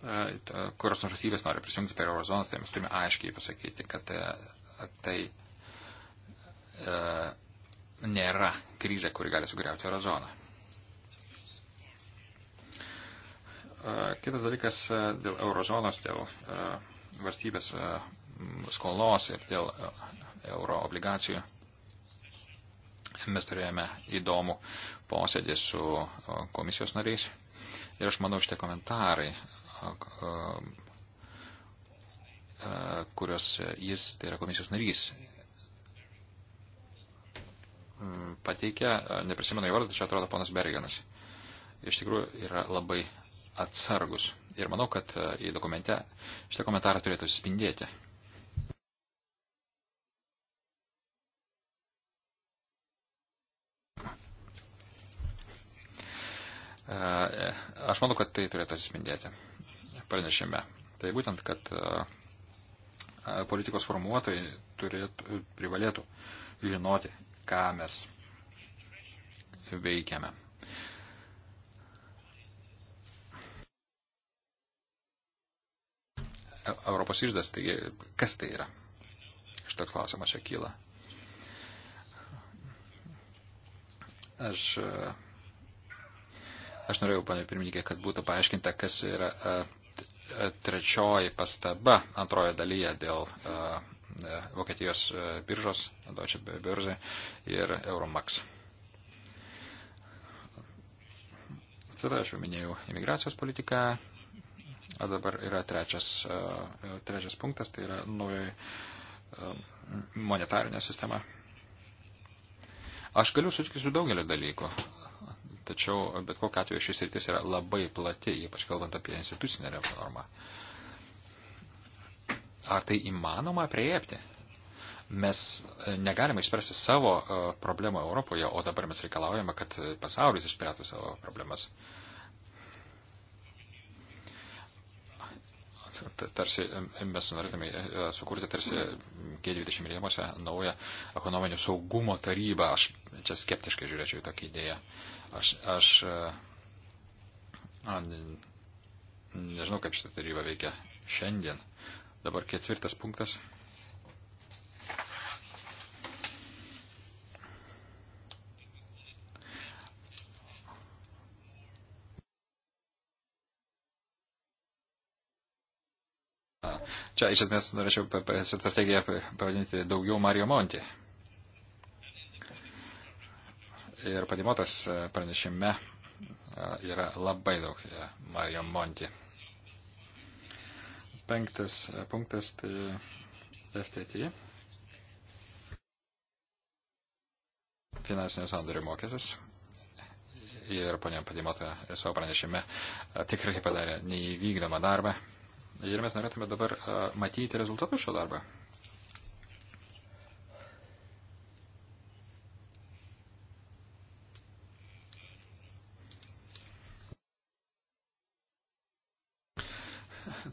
e, kurios nors valstybės nori prisijungti prie eurozonos, tai mes turime aiškiai pasakyti, kad e, tai nėra krizė, kuri gali sugriauti eurozoną. Kitas dalykas dėl eurozonos, dėl valstybės e, skolos ir dėl e, euro obligacijų. Mes turėjome įdomų posėdį su e, komisijos nariais. Ir aš manau, šitie komentarai, kurios jis, tai yra komisijos narys, pateikia, neprisimenu jo vardą, tačiau atrodo ponas Bergenas, iš tikrųjų yra labai atsargus Ir manau, kad e, į dokumente šitą komentarą turėtų suspindėti. E, aš manau, kad tai turėtų atsispindėti pranešime. Tai būtent, kad e, politikos formuotojai turėtų, privalėtų žinoti, ką mes veikiame. Europos išdas, taigi kas tai yra? Šitą klausimą čia kyla. Aš, aš norėjau, panė pirmininkė, kad būtų paaiškinta, kas yra trečioji pastaba antroje dalyje dėl Vokietijos biržos, Deutsche Börse ir Euromax. Tada aš jau minėjau imigracijos politiką, O dabar yra trečias, e, e, trečias punktas, tai yra naujoji e, monetarinė sistema. Aš galiu sutikti su daugeliu dalykų, tačiau bet kokiu atveju šis rytis yra labai plati, ypač kalbant apie institucinę reformą. Ar tai įmanoma prieėpti? Mes negalime išspręsti savo problemą Europoje, o dabar mes reikalaujame, kad pasaulis išspręstų savo problemas. Uh, tarsi mes norėtume e, e, sukurti tarsi G20 rėmose naują ekonominio saugumo tarybą. Aš čia skeptiškai žiūrėčiau į tokią idėją. Aš, aš e, a, nežinau, kaip šitą tarybą veikia šiandien. Dabar ketvirtas punktas Čia iš esmės norėčiau strategiją pavadinti daugiau Mario Monti. Ir padimotas e, pranešime e, yra labai daug e, Mario Monti. Penktas punktas tai FTT. Finansinio sandorio mokestis ir ponia Padimota savo pranešime tikrai padarė neįvykdomą darbą. Ir mes norėtume dabar matyti rezultatus šio darbo.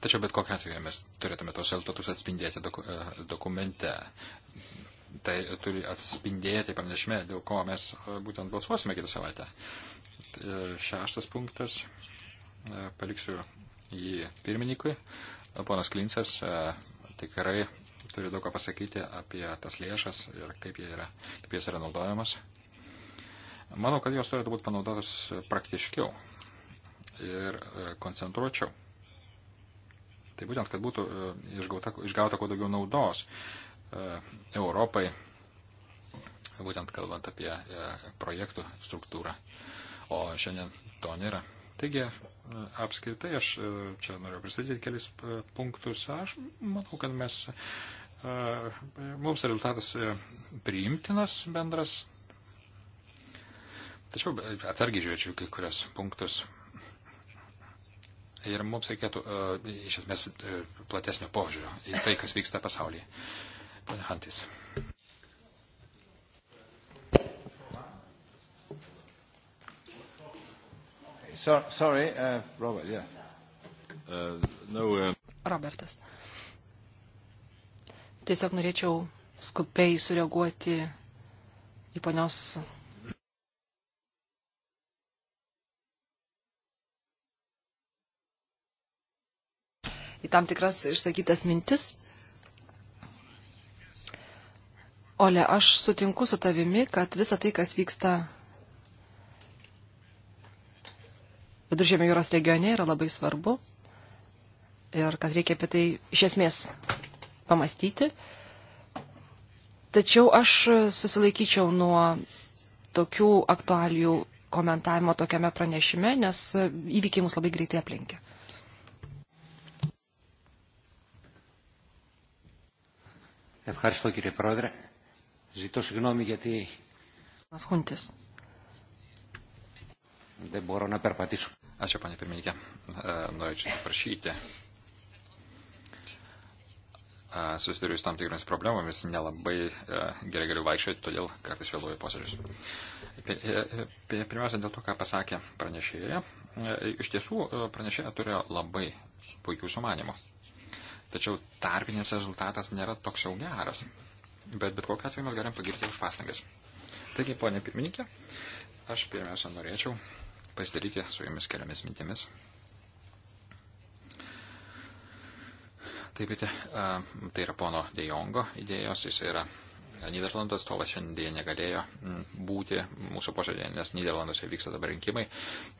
Tačiau bet kokiu atveju mes turėtume tos rezultatus atspindėti doku, dokumente. Tai turi atspindėti pranešime, dėl ko mes būtent balsuosime kitą savaitę. Šeštas punktas. Paliksiu jį pirmininkui. Ponas Klincas e, tikrai turi daug ką pasakyti apie tas lėšas ir kaip, yra, kaip jas yra naudojamos. Manau, kad jos turėtų būti panaudotos praktiškiau ir e, koncentruočiau. Tai būtent, kad būtų e, išgauta, išgauta kuo daugiau naudos Europai, būtent kalbant apie projektų struktūrą. O šiandien to nėra. Taigi, apskritai, aš e, čia noriu pristatyti kelis e, punktus. Aš manau, kad mes, e, mums rezultatas priimtinas bendras. Tačiau atsargiai žiūrėčiau kai kurias punktus. Ir mums reikėtų iš esmės platesnio požiūrio į tai, kas vyksta pasaulyje. Pane Hantis. So, sorry, uh, Robert, yeah. Uh, no, uh... Robertas. Tiesiog norėčiau skubiai sureaguoti į ponios. Į tam tikras išsakytas mintis. Ole, aš sutinku su tavimi, kad visa tai, kas vyksta Viduržėmio jūros regione yra labai svarbu ir kad reikia apie tai iš esmės pamastyti. Tačiau aš susilaikyčiau nuo tokių aktualijų komentavimo tokiame pranešime, nes įvykiai mus labai greitai aplenkė. Ευχαριστώ κύριε Πρόεδρε. Ζητώ συγγνώμη γιατί... Μας χούντες. Δεν μπορώ να περπατήσω. Ačiū, panė pirmininkė. E, norėčiau atsiprašyti. E, susiduriu su tam tikromis problemomis, nelabai e, gerai galiu vaikščioti, todėl kartais vėluoju posėdžius. Pirmiausia, dėl to, ką pasakė pranešėja. Iš tiesų, pranešėja turėjo labai puikių sumanimų. Tačiau tarpinis rezultatas nėra toks jau geras. Bet bet kokiu atveju mes galim pagirti už pastangas. Taigi, ponė pirmininkė, aš pirmiausia norėčiau pasidaryti su jumis keliomis mintimis. Taip, tai yra pono Dejongo idėjos, jis yra Niderlandų atstovas šiandien negalėjo būti mūsų posėdėje, nes Niderlanduose vyksta dabar rinkimai.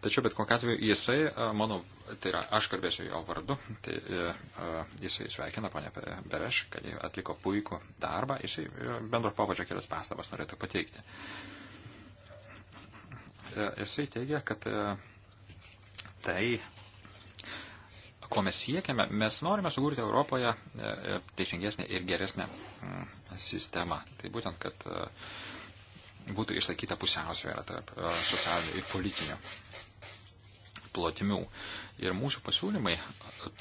Tačiau bet kokiu atveju jisai, mano, tai yra, aš kalbėsiu jo vardu, tai e, jisai sveikina ponę Bereš, kad jie atliko puikų darbą, jisai e, bendro pavadžio kelias pastabas norėtų pateikti jisai e, teigia, kad e, tai, ko mes siekiame, mes norime sukurti Europoje e, teisingesnę ir geresnę sistemą. Tai būtent, kad būtų išlaikyta pusiausvėra tarp socialinių ir politinių plotmių. Ir mūsų pasiūlymai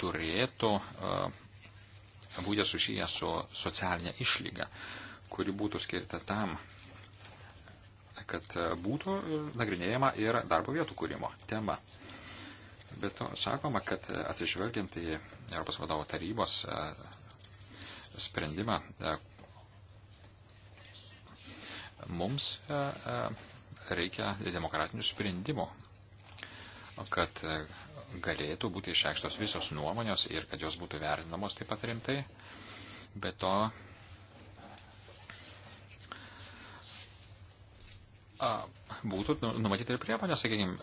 turėtų būti susiję su socialinė išlyga, kuri būtų skirta tam, kad būtų nagrinėjama ir darbo vietų kūrimo tema. Bet to sakoma, kad atsižvelgiant į Europos vadovo tarybos e, sprendimą, e, mums e, reikia demokratinių sprendimų, kad galėtų būti išreikštos visos nuomonės ir kad jos būtų vertinamos taip pat rimtai. Be to, būtų nu, numatyti ir priemonė, sakykime,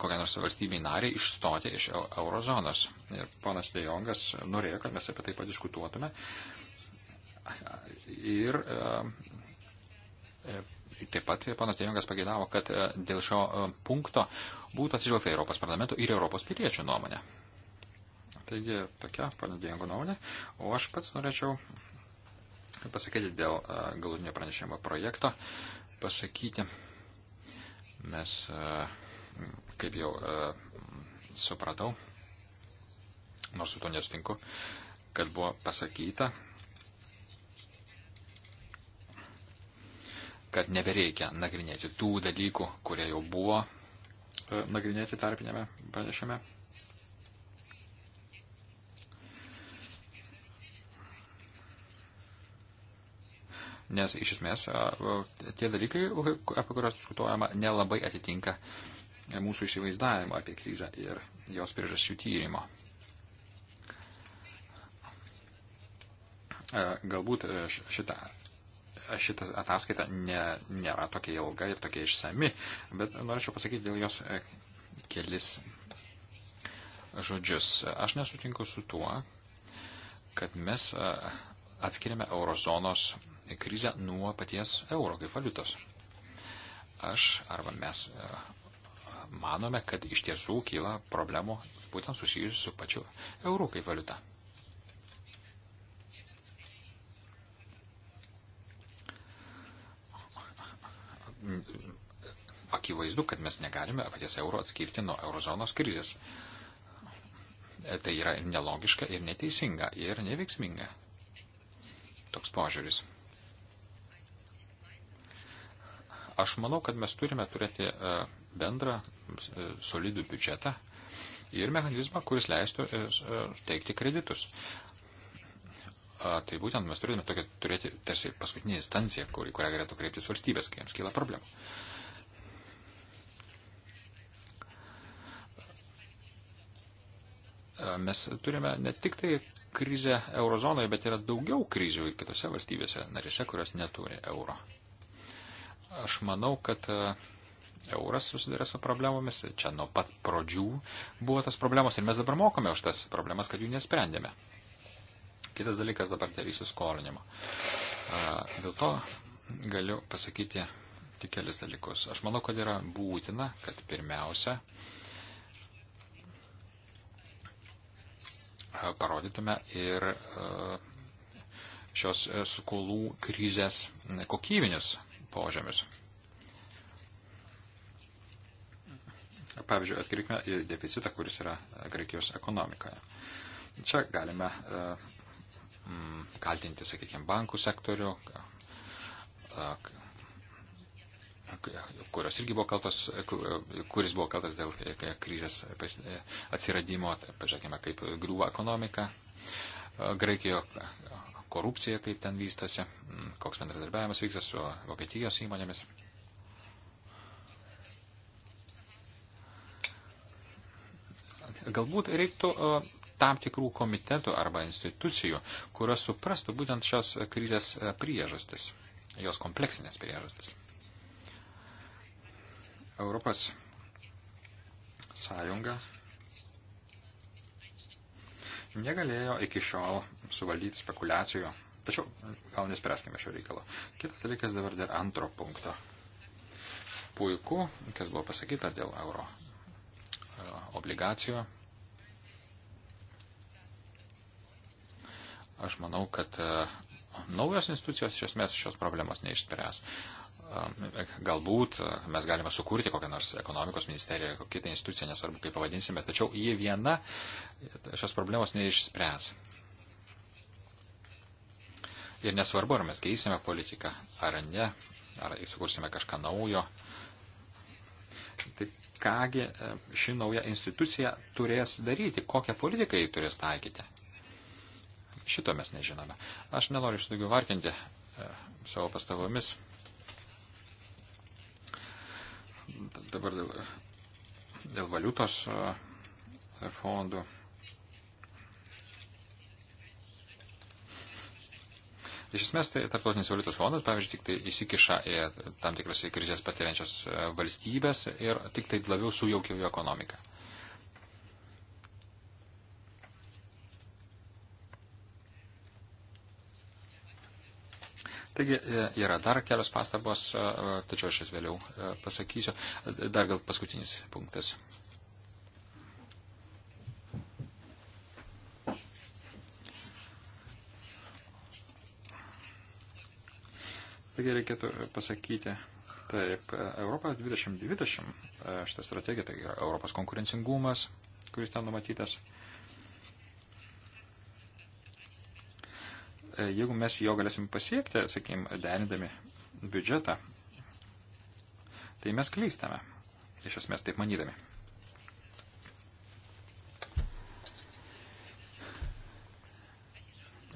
kokią nors valstybį narį išstoti iš eurozonos. Ir ponas Dejongas norėjo, kad mes apie tai padiskutuotume. Ir e, taip pat ponas Dejongas pageidavo, kad dėl šio punkto būtų atsižvelgta Europos parlamento ir Europos piliečių nuomonė. Taigi tokia ponas Dejongo nuomonė. O aš pats norėčiau pasakyti dėl galutinio pranešimo projekto pasakyti, Mes, e, kaip jau e, supratau, nors su to nesutinku, kad buvo pasakyta, kad nebereikia nagrinėti tų dalykų, kurie jau buvo e, nagrinėti tarpinėme pranešime nes iš esmės tie dalykai, apie kuriuos diskutuojama, nelabai atitinka mūsų įsivaizdavimo apie krizę ir jos priežasčių tyrimo. Galbūt e, šitą šita ataskaita ne, nėra tokia ilga ir tokia išsami, bet norėčiau pasakyti dėl jos e, kelis žodžius. Aš nesutinku su tuo, kad mes atskiriame eurozonos krizę nuo paties euro kaip valiutos. Aš arba mes e, manome, kad iš tiesų kyla problemų būtent susijusių su pačiu euru kaip valiuta. Akivaizdu, kad mes negalime paties euro atskirti nuo eurozonos krizės. Tai yra ir nelogiška, ir neteisinga, ir neveiksminga. Toks požiūris. Aš manau, kad mes turime turėti e, bendrą e, solidų biudžetą ir mechanizmą, kuris leistų e, teikti kreditus. Tai būtent mes turime tokia, turėti tarsi paskutinį instanciją, kur, kurią galėtų kreiptis valstybės, kai jiems kyla problemų. Mes turime ne tik tai krizę eurozonoje, bet yra daugiau krizių ir kitose valstybėse narėse, kurios neturi euro. Aš manau, kad e, euras susidarė su problemomis, čia nuo pat pradžių buvo tas problemos ir mes dabar mokome už tas problemas, kad jų nesprendėme. Kitas dalykas dabar tai įsiskolinimo. E, dėl to galiu pasakyti tik kelis dalykus. Aš manau, kad yra būtina, kad pirmiausia e, parodytume ir šios skolų krizės kokybinius požemius. Pavyzdžiui, atkreipime į deficitą, kuris yra Graikijos ekonomikoje. Čia galime e, kaltinti, sakykime, bankų sektorių, e, e, kurios irgi buvo kaltas, kuris buvo kaltas dėl kryžės atsiradimo, pažiūrėkime, kaip griūva ekonomika. Graikijoje korupcija, kaip ten vystosi, mm, koks bendradarbiavimas vyksta su Vokietijos įmonėmis. Galbūt reiktų tam tikrų komitetų arba institucijų, kurios suprastų būtent šios krizės e, priežastis, jos kompleksinės priežastis. Europos sąjunga negalėjo iki šiol suvaldyti spekulacijų. Tačiau gal nespręskime šio reikalo. Kitas dalykas dabar dėl antro punkto. Puiku, kas buvo pasakyta dėl euro e, obligacijų. Aš manau, kad e, naujos institucijos iš esmės šios problemos neišspręs. E, galbūt mes galime sukurti kokią nors ekonomikos ministeriją, kitą instituciją, nesvarbu kaip pavadinsime, tačiau jie viena šios problemos neišspręs. Ir nesvarbu, ar mes keisime politiką ar ne, ar sukursime kažką naujo. Tai kągi e, ši nauja institucija turės daryti, kokią politiką jį turės taikyti. Šito mes nežinome. Aš nenoriu iš daugiau varkinti e, savo pastabomis. Dabar dėl, dėl valiutos e, fondų Iš esmės, tai tarptautinis valiutos fondas, pavyzdžiui, tik tai įsikiša į tam tikras krizės patiriančias e, valstybės ir tik tai labiau sujaukia jų ekonomiką. Taigi e, yra dar kelios pastabos, e, tačiau aš jas vėliau pasakysiu. Dar gal paskutinis punktas. Taigi reikėtų pasakyti, taip, Europa 2020, šitą strategiją, tai yra Europos konkurencingumas, kuris ten numatytas. E, jeigu mes jo galėsim pasiekti, sakykim, derindami biudžetą, tai mes klystame, iš esmės taip manydami.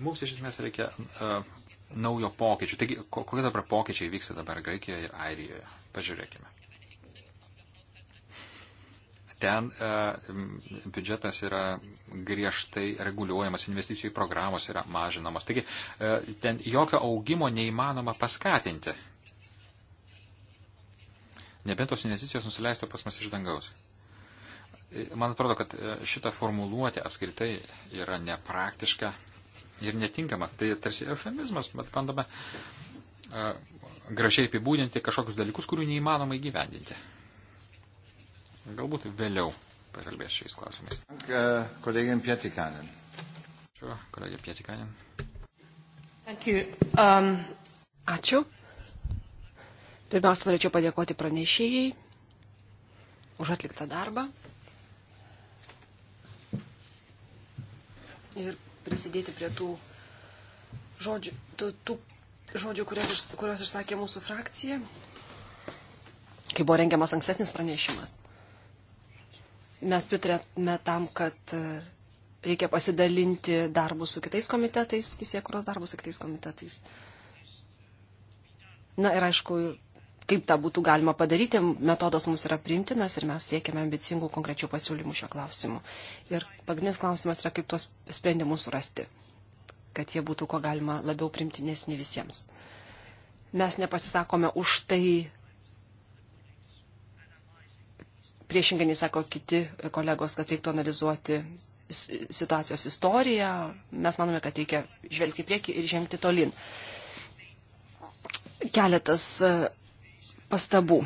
Mums iš esmės reikia uh, naujo pokyčio. Taigi, kokie dabar pokyčiai vyksta dabar Graikijoje ir Airijoje? Pažiūrėkime. Ten e, biudžetas yra griežtai reguliuojamas, investicijų programos yra mažinamos. Taigi, e, ten jokio augimo neįmanoma paskatinti. Nebent tos investicijos nusileistų pas mus iš dangaus. E, man atrodo, kad e, šita formuluotė apskritai yra nepraktiška ir netinkama. Tai tarsi eufemizmas, bet bandome a, gražiai apibūdinti kažkokius dalykus, kurių neįmanoma įgyvendinti. Galbūt vėliau pakalbės šiais klausimais. Kolegiam Pietikanin. Ačiū, kolegė Pietikanin. Um, ačiū. Pirmiausia, norėčiau padėkoti pranešėjai už atliktą darbą. Ir prisidėti prie tų žodžių, tų, tų žodžių kurios, iš, kurios išsakė mūsų frakcija, kai buvo rengiamas ankstesnis pranešimas. Mes pritarėme tam, kad e, reikia pasidalinti darbus su kitais komitetais, teisėkuros darbus su kitais komitetais. Na ir aišku, kaip tą būtų galima padaryti, metodas mums yra priimtinas ir mes siekiame ambicingų konkrečių pasiūlymų šio klausimu. Ir pagrindinis klausimas yra, kaip tuos sprendimus surasti, kad jie būtų kuo galima labiau primtinesni visiems. Mes nepasisakome už tai, priešingai nei sako kiti kolegos, kad reiktų analizuoti situacijos istoriją. Mes manome, kad reikia žvelgti prieki ir žengti tolin keletas pastabų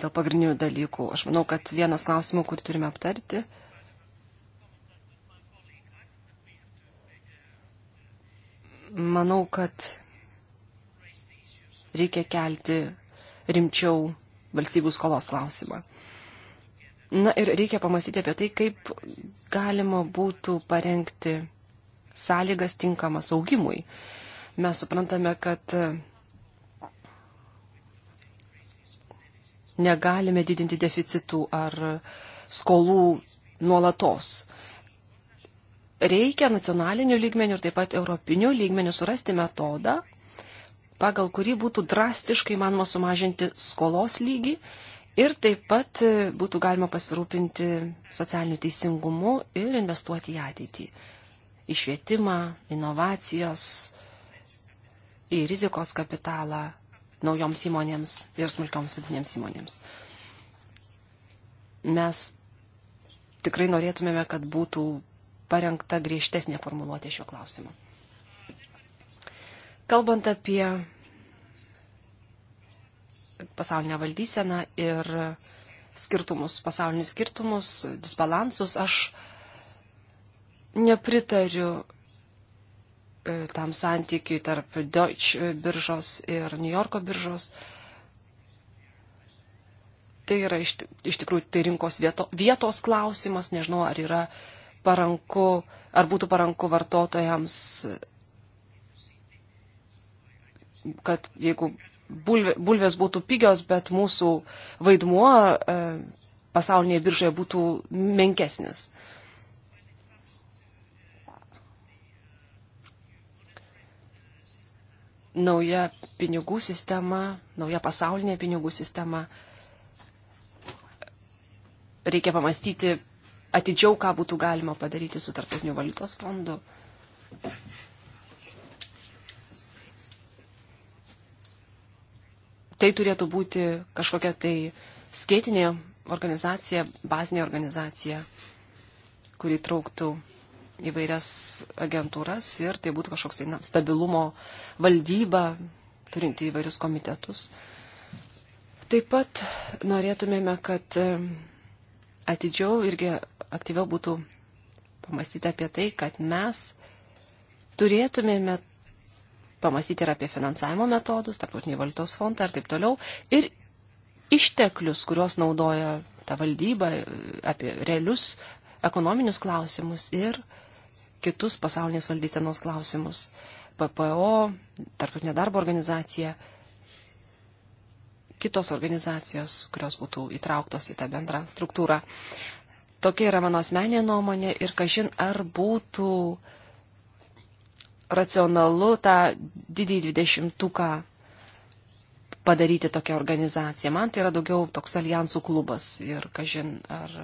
dėl pagrindinių dalykų. Aš manau, kad vienas klausimų, kurį turime aptarti, manau, kad reikia kelti rimčiau valstybių skolos klausimą. Na ir reikia pamastyti apie tai, kaip galima būtų parengti sąlygas tinkamas augimui. Mes suprantame, kad negalime didinti deficitų ar skolų nuolatos. Reikia nacionalinių lygmenių ir taip pat europinių lygmenių surasti metodą, pagal kurį būtų drastiškai manoma sumažinti skolos lygį ir taip pat būtų galima pasirūpinti socialiniu teisingumu ir investuoti į ateitį. Į švietimą, inovacijas, į rizikos kapitalą naujoms įmonėms ir smulkioms vidinėms įmonėms. Mes tikrai norėtumėme, kad būtų parengta griežtesnė formuluotė šiuo klausimu. Kalbant apie pasaulinę valdyseną ir skirtumus, pasaulinius skirtumus, disbalansus, aš nepritariu E, tam santykiui tarp Deutsche biržos ir New Yorko biržos. Tai yra iš, iš tikrųjų tai rinkos vieto, vietos klausimas, nežinau, ar yra paranku, ar būtų paranku vartotojams, kad jeigu bulvė, bulvės būtų pigios, bet mūsų vaidmuo e, pasaulinėje biržoje būtų menkesnis. nauja pinigų sistema, nauja pasaulinė pinigų sistema. Reikia pamastyti atidžiau, ką būtų galima padaryti su tarptautiniu valiutos fondu. Tai turėtų būti kažkokia tai skėtinė organizacija, bazinė organizacija, kuri trauktų įvairias agentūras ir tai būtų kažkoks tai na, stabilumo valdyba, turinti įvairius komitetus. Taip pat norėtumėme, kad e, atidžiau irgi aktyviau būtų pamastyti apie tai, kad mes turėtumėme pamastyti ir apie finansavimo metodus, tarptautinį valiutos fondą ir taip toliau, ir išteklius, kuriuos naudoja ta valdyba, e, apie realius ekonominius klausimus ir kitus pasaulinės valdysenos klausimus. PPO, Tartutinė darbo organizacija, kitos organizacijos, kurios būtų įtrauktos į tą bendrą struktūrą. Tokia yra mano asmeninė nuomonė ir kažin ar būtų racionalu tą didįjį dvidešimtuką padaryti tokią organizaciją. Man tai yra daugiau toks alijansų klubas ir kažin ar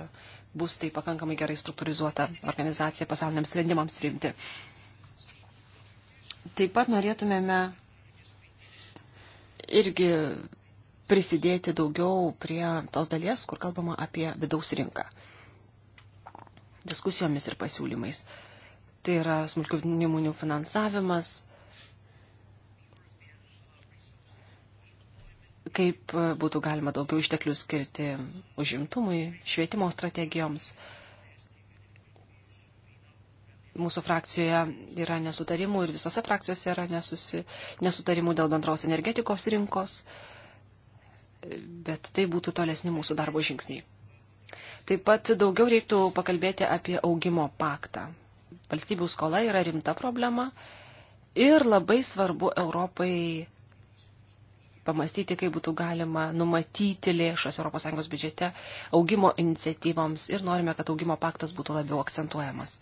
bus tai pakankamai gerai struktūrizuota organizacija pasauliniams sprendimams priimti. Taip pat norėtumėme irgi prisidėti daugiau prie tos dalies, kur kalbama apie vidaus rinką diskusijomis ir pasiūlymais. Tai yra smulkių įmonių finansavimas, kaip e, būtų galima daugiau išteklių skirti užimtumui, švietimo strategijoms. Mūsų frakcijoje yra nesutarimų ir visose frakcijose yra nesusi, nesutarimų dėl bendros energetikos rinkos, bet tai būtų tolesni mūsų darbo žingsniai. Taip pat daugiau reiktų pakalbėti apie augimo paktą. Valstybių skola yra rimta problema ir labai svarbu Europai pamastyti, kaip būtų galima numatyti lėšas ES biudžete augimo iniciatyvoms ir norime, kad augimo paktas būtų labiau akcentuojamas.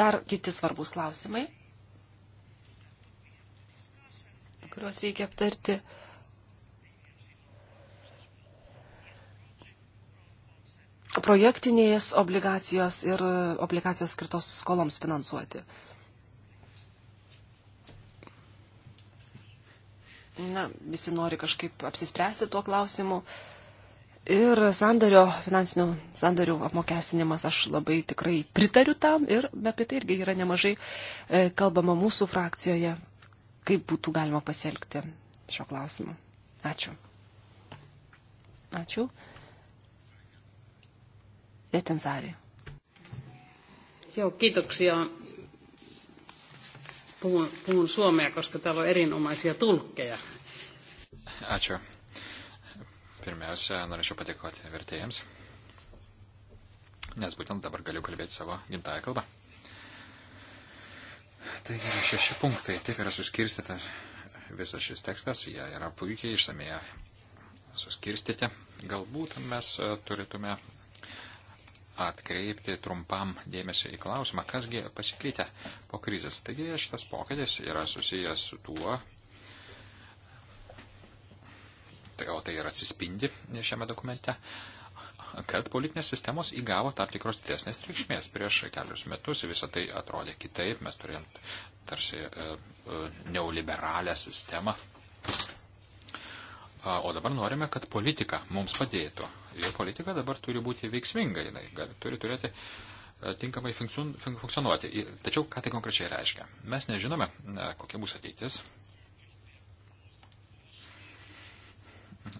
Dar kiti svarbus klausimai, kuriuos reikia aptarti. Projektinės obligacijos ir obligacijos skirtos skoloms finansuoti. na, visi nori kažkaip apsispręsti tuo klausimu. Ir sandario, finansinių sandarių apmokestinimas, aš labai tikrai pritariu tam ir apie tai irgi yra nemažai e, kalbama mūsų frakcijoje, kaip būtų galima pasielgti šio klausimu. Ačiū. Ačiū. Jätensari. Joo, kiitoksia puhun, puhun suomea, koska täällä on erinomaisia tulkkeja. Ačiū. Ah, Pirmiausia, norėčiau padėkoti vertėjams, nes būtent dabar galiu kalbėti savo gimtają kalbą. Tai yra šeši punktai, taip yra suskirstyta visas šis tekstas, jie yra puikiai išsamei suskirstyti. Galbūt mes e, turėtume atkreipti trumpam dėmesį į klausimą, kasgi pasikeitė po krizės. Taigi šitas pokytis yra susijęs su tuo, tai, o tai ir atsispindi šiame dokumente, kad politinės sistemos įgavo tam tikros didesnės reikšmės. Prieš kelius metus visą tai atrodė kitaip, mes turėjom tarsi e, e, neoliberalią sistemą. O dabar norime, kad politika mums padėtų ir politika dabar turi būti veiksminga, jinai gali, turi turėti e, tinkamai funkcionuoti. Tačiau ką tai konkrečiai reiškia? Mes nežinome, kokia bus ateitis.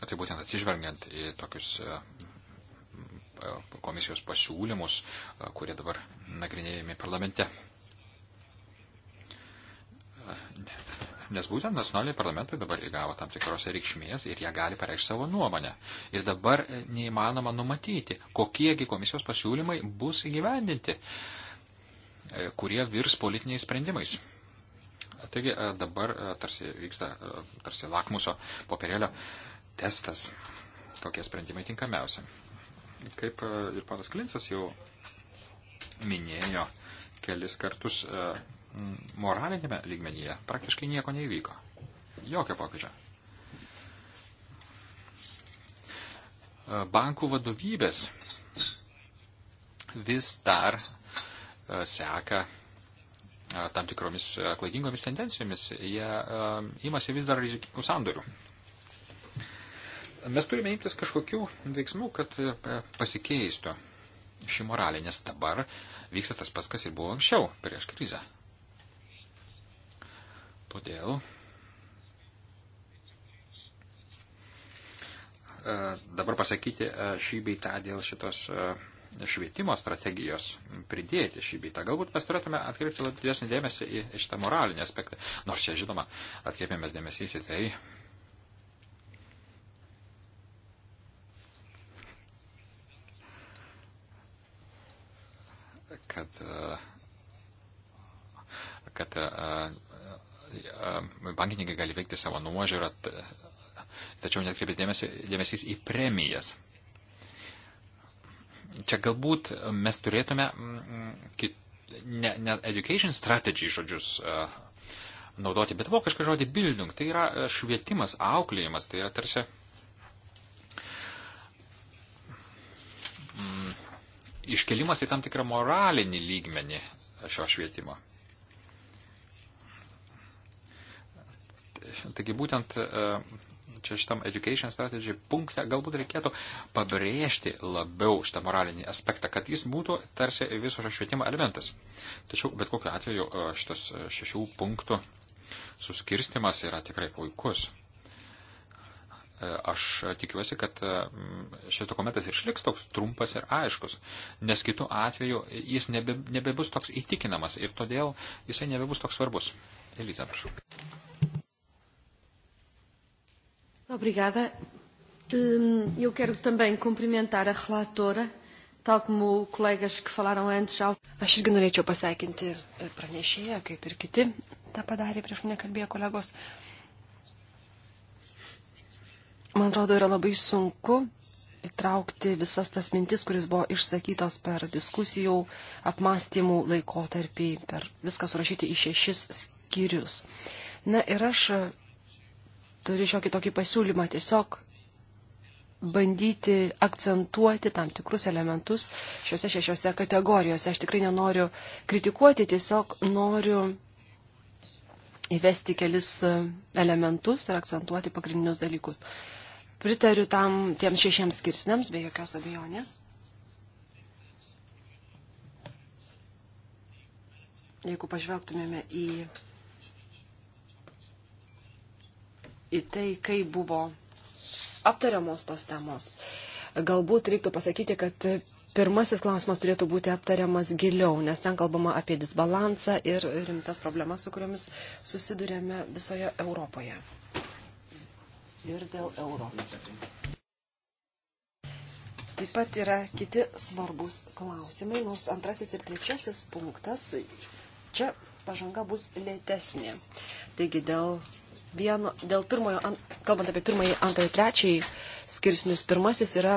Tai būtent atsižvelgiant į tokius e, e, komisijos pasiūlymus, kurie dabar nagrinėjami parlamente. Nes būtent nacionaliniai parlamentai dabar įgavo tam tikros reikšmės ir jie gali pareikšti savo nuomonę. Ir dabar e, neįmanoma numatyti, kokiegi komisijos pasiūlymai bus įgyvendinti, e, kurie virs politiniais sprendimais. Taigi e, dabar tarsi vyksta tarsi lakmuso popierėlio testas, kokie sprendimai tinkamiausi. Kaip ir panas Klinsas jau minėjo kelis kartus moralinėme lygmenyje praktiškai nieko neįvyko. Jokio pokyčio. E, bankų vadovybės vis dar e, seka e, tam tikromis klaidingomis tendencijomis. Jie imasi vis dar rizikingų sandorių. Mes turime imtis kažkokių veiksmų, kad pasikeistų ši moralė, nes dabar vyksta tas pats, kas ir buvo anksčiau, prieš krizę. Todėl e, dabar pasakyti e, šį beitą dėl šitos e, švietimo strategijos pridėti šį beitą. Galbūt mes turėtume atkreipti didesnį dėmesį į šitą moralinį aspektą. Nors čia, žinoma, atkreipiamės dėmesys į tai. kad, kad Um, bankininkai gali veikti savo nuožiūrą, tačiau netkreipia dėmesį, dėmesys į premijas. Čia galbūt mes turėtume mm, kit, ne, ne education strategy žodžius uh, naudoti, bet vokišką žodį bildung. Tai yra uh, švietimas, auklėjimas, tai yra tarsi mm, iškelimas į tam tikrą moralinį lygmenį šio švietimo. Taigi būtent e, čia šitam education strategy punkte galbūt reikėtų pabrėžti labiau šitą moralinį aspektą, kad jis būtų tarsi viso švietimo elementas. Tačiau bet kokiu atveju e, šitas šešių punktų suskirstimas yra tikrai puikus. E, aš tikiuosi, kad šis dokumentas ir išliks toks trumpas ir aiškus, nes kitu atveju jis nebe, nebebus toks įtikinamas ir todėl jisai nebebus toks svarbus. Eliza, prašau. Obrigada. Eu quero também cumprimentar a relatora, tal como colegas que falaram antes. Aš irgi norėčiau pasveikinti eh, pranešėją, kaip ir kiti tą padarė prieš mane kalbėjo kolegos. Man atrodo, yra labai sunku įtraukti visas tas mintis, kuris buvo išsakytos per diskusijų, apmąstymų laikotarpį, per viską surašyti į šešis skyrius. Na ir aš turiu šiokį tokį pasiūlymą tiesiog bandyti akcentuoti tam tikrus elementus šiuose šešiose kategorijose. Aš tikrai nenoriu kritikuoti, tiesiog noriu įvesti kelis elementus ir akcentuoti pagrindinius dalykus. Pritariu tam tiems šešiems skirsniams, be jokios abejonės. Jeigu pažvelgtumėme į į tai, kaip buvo aptariamos tos temos. Galbūt reiktų pasakyti, kad pirmasis klausimas turėtų būti aptariamas giliau, nes ten kalbama apie disbalansą ir rimtas problemas, su kuriomis susidurėme visoje Europoje. Ir dėl euro. Taip pat yra kiti svarbus klausimai, nors antrasis ir trečiasis punktas. Čia pažanga bus lėtesnė. Taigi dėl vieno, dėl pirmojo, an, kalbant apie pirmąjį, antrąjį, trečiąjį skirsnius, pirmasis yra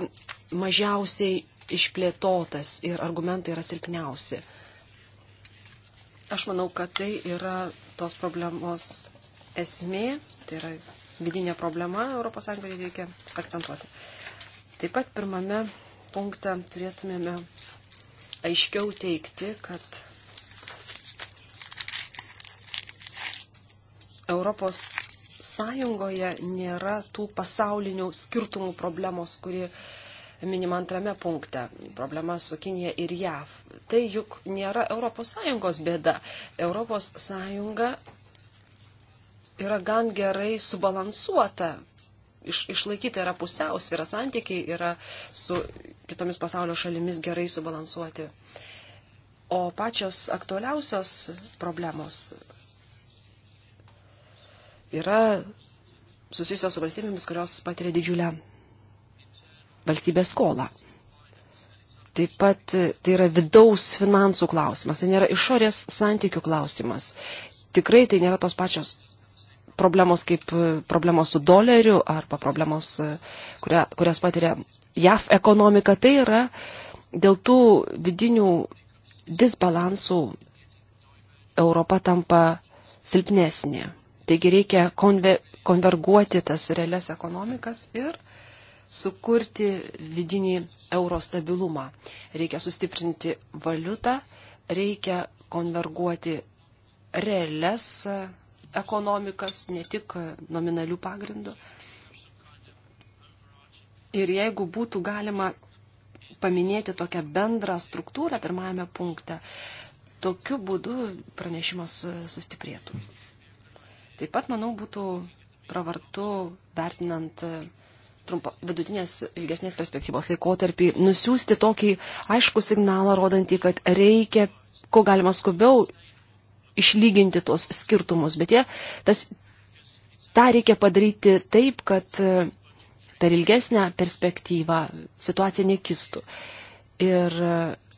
mažiausiai išplėtotas ir argumentai yra silpniausi. Aš manau, kad tai yra tos problemos esmė, tai yra vidinė problema, ES reikia akcentuoti. Taip pat pirmame punkte turėtumėme aiškiau teikti, kad Europos Sąjungoje nėra tų pasaulinių skirtumų problemos, kuri minima antrame punkte - problema su Kinija ir JAV. Tai juk nėra ES bėda. ES yra gan gerai subalansuota. Iš, išlaikyti yra pusiausvyrą, santykiai yra su kitomis pasaulio šalimis gerai subalansuoti. O pačios aktualiausios problemos yra susijusios su valstybėmis, kurios patiria didžiulę valstybės skolą. Taip pat e, tai yra vidaus finansų klausimas, tai nėra išorės santykių klausimas. Tikrai tai nėra tos pačios problemos kaip e, problemos su doleriu arba problemos, e, kuria, kurias patiria JAF ekonomika. Tai yra dėl tų vidinių disbalansų Europa tampa silpnesnė. Taigi reikia konve, konverguoti tas realias ekonomikas ir sukurti vidinį euro stabilumą. Reikia sustiprinti valiutą, reikia konverguoti realias ekonomikas, ne tik nominalių pagrindų. Ir jeigu būtų galima paminėti tokią bendrą struktūrą pirmajame punkte, tokiu būdu pranešimas sustiprėtų. Taip pat, manau, būtų pravartu vertinant e, trumpo, vidutinės ilgesnės perspektyvos laikotarpį, nusiųsti tokį aišku signalą, rodantį, kad reikia, ko galima skubiau, išlyginti tuos skirtumus. Bet jie, tas, tą reikia padaryti taip, kad e, per ilgesnę perspektyvą situacija nekistų. Ir e,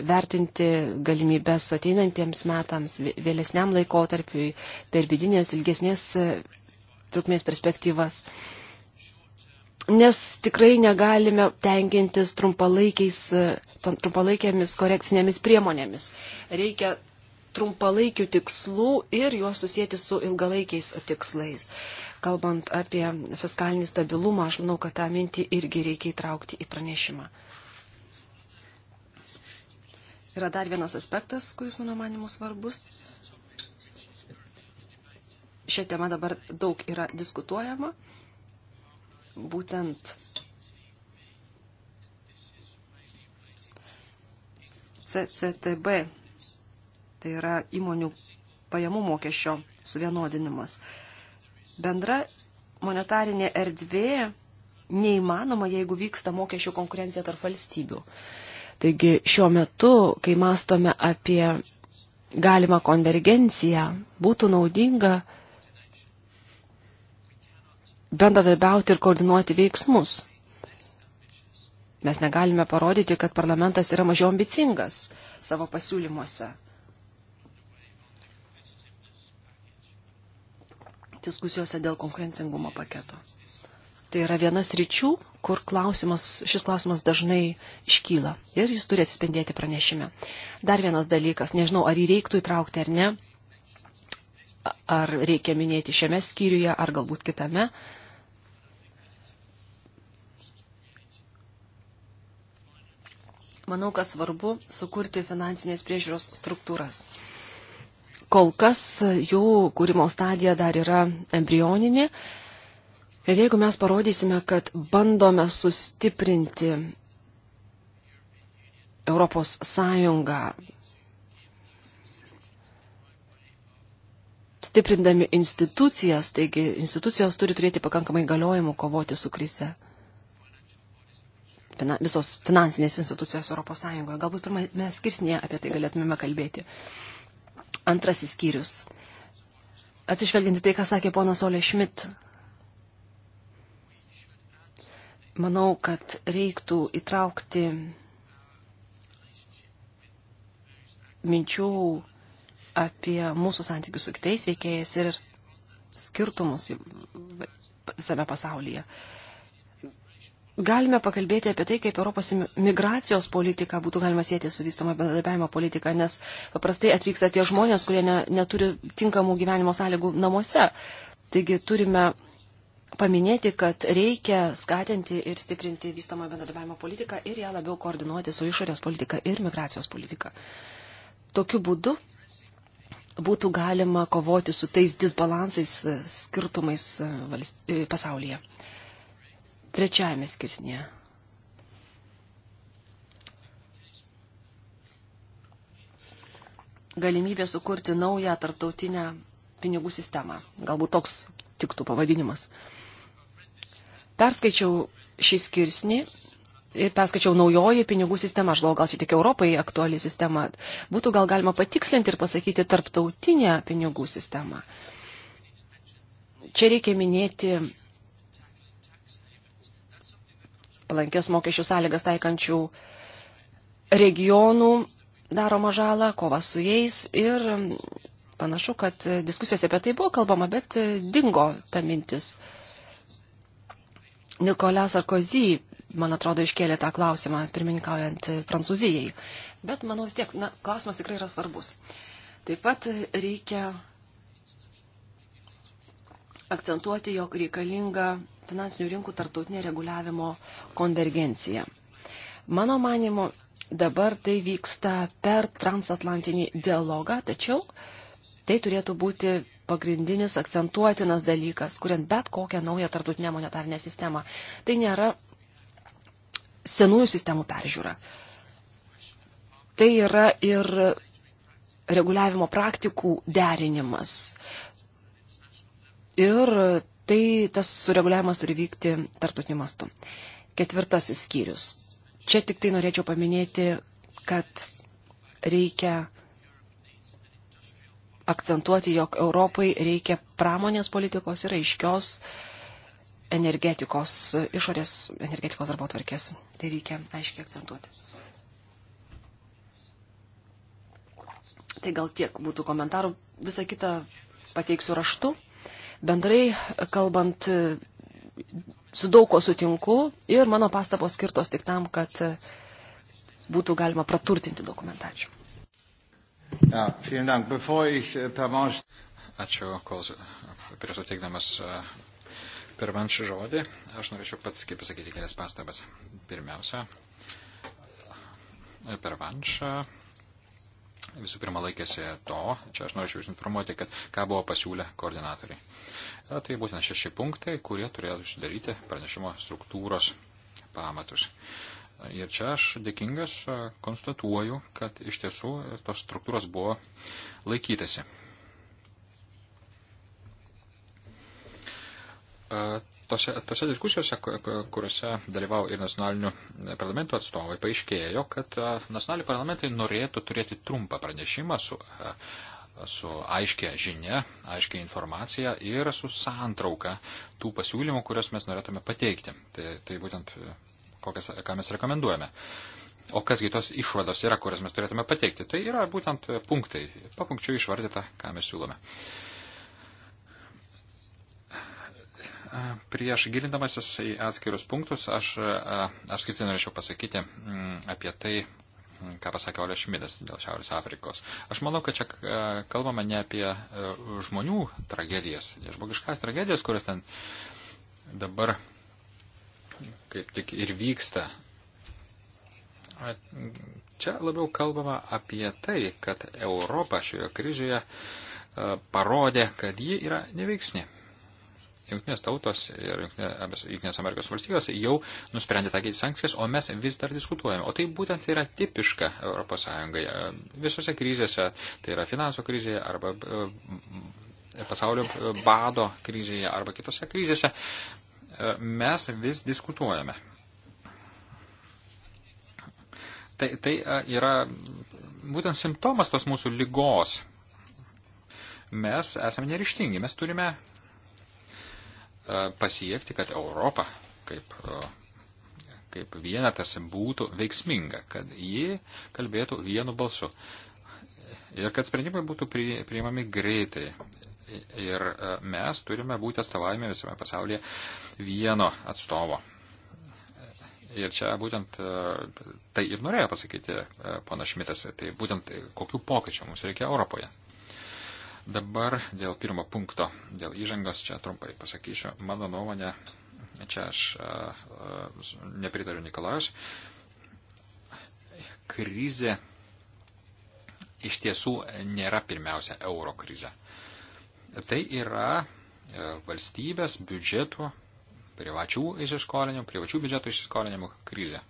vertinti galimybės ateinantiems metams, vėlesniam laikotarpiui, per vidinės ilgesnės e, trukmės perspektyvas. Nes tikrai negalime tenkintis e, trumpalaikėmis korekcinėmis priemonėmis. Reikia trumpalaikių tikslų ir juos susijęti su ilgalaikiais tikslais. Kalbant apie fiskalinį stabilumą, aš manau, kad tą mintį irgi reikia įtraukti į pranešimą. Yra dar vienas aspektas, kuris mano manimu svarbus. Šią temą dabar daug yra diskutuojama. Būtent CCTB, tai yra įmonių pajamų mokesčio suvienodinimas. Bendra monetarinė erdvė neįmanoma, jeigu vyksta mokesčių konkurencija tarp valstybių. Taigi šiuo metu, kai mastome apie galimą konvergenciją, būtų naudinga bendradarbiauti ir koordinuoti veiksmus. Mes negalime parodyti, kad parlamentas yra mažiau ambicingas savo pasiūlymuose. Diskusijose dėl konkurencingumo paketo. Tai yra vienas ryčių, kur klausimas, šis klausimas dažnai iškyla ir jis turi atsispindėti pranešime. Dar vienas dalykas, nežinau, ar jį reiktų įtraukti ar ne, ar reikia minėti šiame skyriuje, ar galbūt kitame. Manau, kad svarbu sukurti finansinės priežiūros struktūras. Kol kas jų kūrimo stadija dar yra embrioninė Ir jeigu mes parodysime, kad bandome sustiprinti Europos Sąjungą, stiprindami institucijas, taigi institucijos turi turėti pakankamai galiojimų kovoti su krize. Fina, visos finansinės institucijos Europos Sąjungoje. Galbūt pirmame skirsnėje apie tai galėtumėme kalbėti. Antrasis skyrius. Atsižvelginti tai, ką sakė ponas Olė Šmit Manau, kad reiktų įtraukti minčių apie mūsų santykius su kitais veikėjais ir skirtumus visame pasaulyje. Galime pakalbėti apie tai, kaip Europos migracijos politika būtų galima sėti su vystoma bendradarbiavimo politika, nes paprastai atvyksta tie žmonės, kurie ne, neturi tinkamų gyvenimo sąlygų namuose. Taigi turime paminėti, kad reikia skatinti ir stiprinti vystamą bendradarbiavimo politiką ir ją labiau koordinuoti su išorės politika ir migracijos politika. Tokiu būdu būtų galima kovoti su tais disbalansais e, skirtumais e, valst... E, pasaulyje. Trečiajame skirsnėje. Galimybė sukurti naują tarptautinę pinigų sistemą. Galbūt toks tiktų pavadinimas. Perskaičiau šį skirsnį ir perskaičiau naujoji pinigų sistema, aš galvoju, gal čia tik Europai aktuali sistema, būtų gal galima patikslinti ir pasakyti tarptautinę pinigų sistemą. Čia reikia minėti palankės mokesčių sąlygas taikančių regionų daromą žalą, kovą su jais ir panašu, kad diskusijose apie tai buvo kalbama, bet dingo ta mintis. Nikolas Sarkozy, man atrodo, iškėlė tą klausimą, pirmininkaujant Prancūzijai. Bet, manau, vis tiek, na, klausimas tikrai yra svarbus. Taip pat reikia akcentuoti, jog reikalinga finansinių rinkų tartautinė reguliavimo konvergencija. Mano manimo, dabar tai vyksta per transatlantinį dialogą, tačiau Tai turėtų būti pagrindinis akcentuotinas dalykas, kuriant bet kokią naują tartutinę monetarinę sistemą. Tai nėra senųjų sistemų peržiūra. Tai yra ir reguliavimo praktikų derinimas. Ir tai tas sureguliavimas turi vykti tartutiniu mastu. Ketvirtasis skyrius. Čia tik tai norėčiau paminėti, kad reikia akcentuoti, jog Europai reikia pramonės politikos ir aiškios energetikos, išorės energetikos darbo tvarkės. Tai reikia aiškiai akcentuoti. Tai gal tiek būtų komentarų. Visą kitą pateiksiu raštu. Bendrai kalbant, su daug ko sutinku ir mano pastabos skirtos tik tam, kad būtų galima praturtinti dokumentačių. Ja, vielen Dank. Bevor ich äh, Pervanche. Ačiū, kol prieš suteikdamas äh, Pervanche žodį, aš norėčiau pats kaip pasakyti kelias pastabas. Pirmiausia, e, Pervanche visų pirma laikėsi to, čia aš norėčiau Jūs informuoti, kad ką buvo pasiūlę koordinatoriai. Ir e, tai būtent šeši punktai, kurie turėtų sudaryti pranešimo struktūros pamatus. Uh, Ir čia aš dėkingas e, konstatuoju, kad iš tiesų tos struktūros buvo laikytasi. E, tose, tose diskusijose, kuriuose dalyvau ir nacionalinių parlamentų atstovai, paaiškėjo, kad e, nacionaliniai parlamentai norėtų turėti trumpą pranešimą su, su aiškia žinia, aiškia informacija ir su santrauka tų pasiūlymų, kuriuos mes norėtume pateikti. Tai, tai būtent kokias, ką mes rekomenduojame. O kasgi tos išvados yra, kurias mes turėtume pateikti? Tai yra būtent punktai, papunkčių išvardyta, ką mes siūlome. Prieš gilindamasis į atskirius punktus, aš apskritai norėčiau pasakyti mm, apie tai, ką pasakė Olė Šmidas dėl Šiaurės Afrikos. Aš manau, kad čia kalbama ne apie žmonių tragedijas, ne žmogiškas tragedijas, kurias ten dabar kaip tik ir vyksta. Čia labiau kalbama apie tai, kad Europa šioje kryžėje parodė, kad ji yra neveiksni. Junktinės tautos ir Junktinės Amerikos valstijos jau nusprendė taikyti sankcijas, o mes vis dar diskutuojame. O tai būtent yra tipiška ES. Visose krizėse, tai yra finansų krizėje arba pasaulio bado krizėje arba kitose krizėse, mes vis diskutuojame. Tai, tai yra būtent simptomas tos mūsų lygos. Mes esame nerištingi, mes turime pasiekti, kad Europa kaip, kaip vienetas būtų veiksminga, kad ji kalbėtų vienu balsu ir kad sprendimai būtų priimami greitai ir e, mes turime būti atstovavime visame pasaulyje vieno atstovo. Ir čia būtent e, tai ir norėjo pasakyti e, pana Šmitas, tai būtent kokių pokyčių mums reikia Europoje. Dabar dėl pirmo punkto, dėl įžangos, čia trumpai pasakysiu, mano nuomonė, čia aš a, a, nepritariu Nikolajus, krizė iš tiesų nėra pirmiausia euro krizė. A, Tai yra e, valstybės biudžetų, privačių įsiskolinimų, privačių biudžetų įsiskolinimų krizė.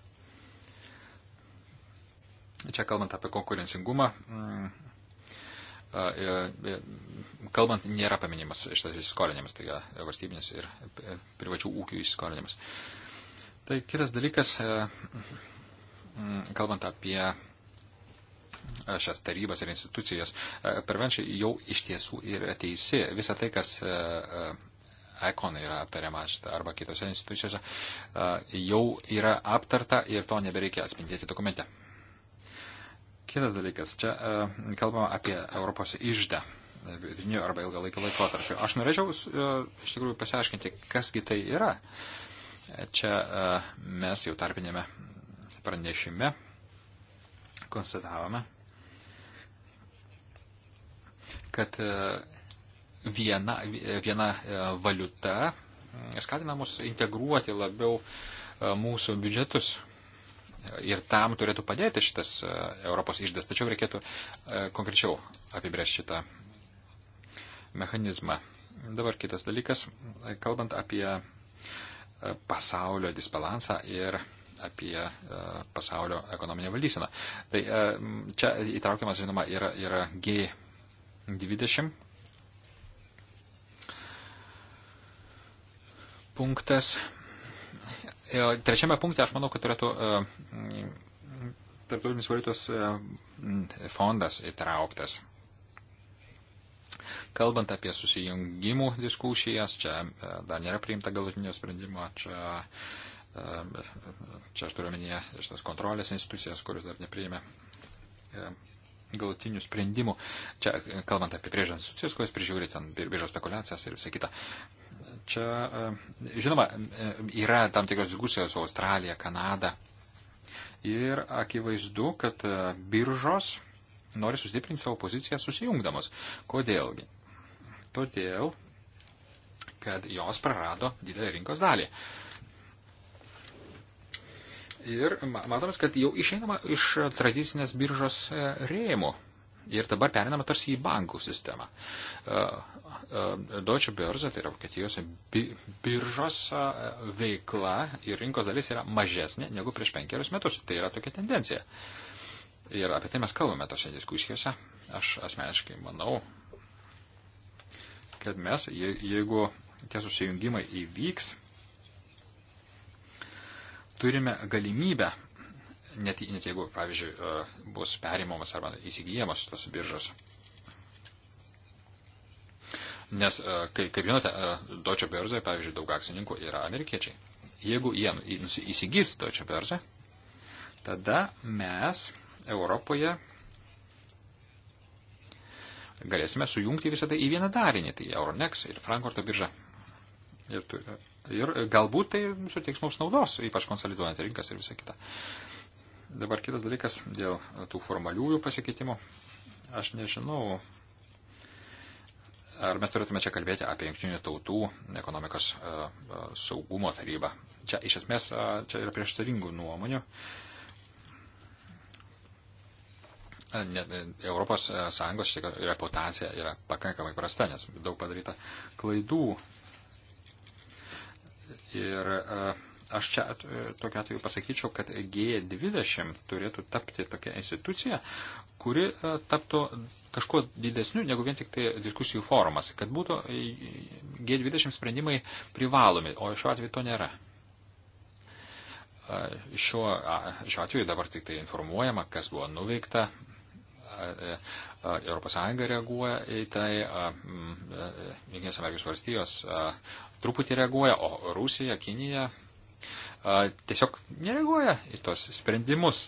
Čia kalbant apie konkurencingumą, mm, e, e, kalbant nėra paminimas šitas įsiskolinimas, tai yra valstybinis ir privačių ūkių įsiskolinimas. Tai kitas dalykas, mm, kalbant apie šias tarybas ir institucijas, pervenčiai jau iš tiesų yra teisi. Visą tai, kas ekonai yra aptariama arba kitose institucijose, jau yra aptarta ir to nebereikia atspindėti dokumente. Kitas dalykas, čia kalbama apie Europos išdą vidiniu arba ilgalaikio laikotarpiu. Aš norėčiau iš tikrųjų pasiaiškinti, kasgi tai yra. Čia mes jau tarpinėme pranešime konstatavome, kad e, viena, viena e, valiuta e, skatina mus integruoti labiau mūsų biudžetus. Ir tam turėtų padėti šitas Europos išdas. Tačiau reikėtų konkrečiau apibrėžti šitą mechanizmą. Dabar kitas dalykas, kalbant apie pasaulio disbalansą ir apie pasaulio ekonominę valdyseną. Tai čia įtraukiamas, žinoma, yra, yra G 20. Punktas. E, trečiame punkte aš manau, kad turėtų e, tarptautinis valiutos e, fondas įtrauktas. Kalbant apie susijungimų diskusijas, čia dar nėra priimta galutinio sprendimo, čia, čia aš turiu omenyje šitas kontrolės institucijas, kuris dar nepriėmė galutinių sprendimų. Čia, kalbant apie priežas institucijas, kurios prižiūri ten biržos spekulacijas ir visą kitą. Čia, e, žinoma, e, yra tam tikros diskusijos su Australija, Kanada. Ir akivaizdu, kad e, biržos nori sustiprinti savo poziciją susijungdamos. Kodėlgi? Todėl, kad jos prarado didelę rinkos dalį. Uh, Ir matomas, kad jau išeinama iš tradicinės biržos e, rėmų. Ir dabar perinama tarsi į bankų sistemą. E, e, Deutsche Börse, tai yra Vokietijos bi biržos veikla ir rinkos dalis yra mažesnė negu prieš penkerius metus. Tai yra tokia tendencija. Ir apie tai mes kalbame tose diskusijose. Aš asmeniškai manau, kad mes, jeigu tie susijungimai įvyks, turime galimybę, net, net jeigu, pavyzdžiui, e, bus perimamas arba įsigijamas tos biržos. Nes, e, kaip, kaip žinote, e, Deutsche Börse, pavyzdžiui, daug akcininkų yra amerikiečiai. Jeigu jie nu, įsigys Deutsche Börse, tada mes Europoje galėsime sujungti visą tai į vieną darinį, tai Euronex ir Frankfurto biržą. Ir, ir galbūt tai suteiks mums naudos, ypač konsoliduojant rinkas ir visą kitą. Dabar kitas dalykas dėl tų formaliųjų pasikeitimų. Aš nežinau, ar mes turėtume čia kalbėti apie Junktinių tautų ekonomikos e, e, saugumo tarybą. Čia iš esmės e, čia yra prieštaringų nuomonių. Europos Sąjungos reputacija yra pakankamai prasta, nes daug padaryta klaidų Ir e, aš čia e, tokiu atveju pasakyčiau, kad G20 turėtų tapti tokia institucija, kuri e, taptų kažkuo didesniu negu vien tik tai diskusijų forumas, kad būtų G20 sprendimai privalomi, o šiuo atveju to nėra. Šiuo, šiuo atveju dabar tik tai informuojama, kas buvo nuveikta, ES reaguoja į tai, Junktinės Amerikos valstijos truputį reaguoja, o Rusija, Kinija tiesiog nereaguoja į tos sprendimus,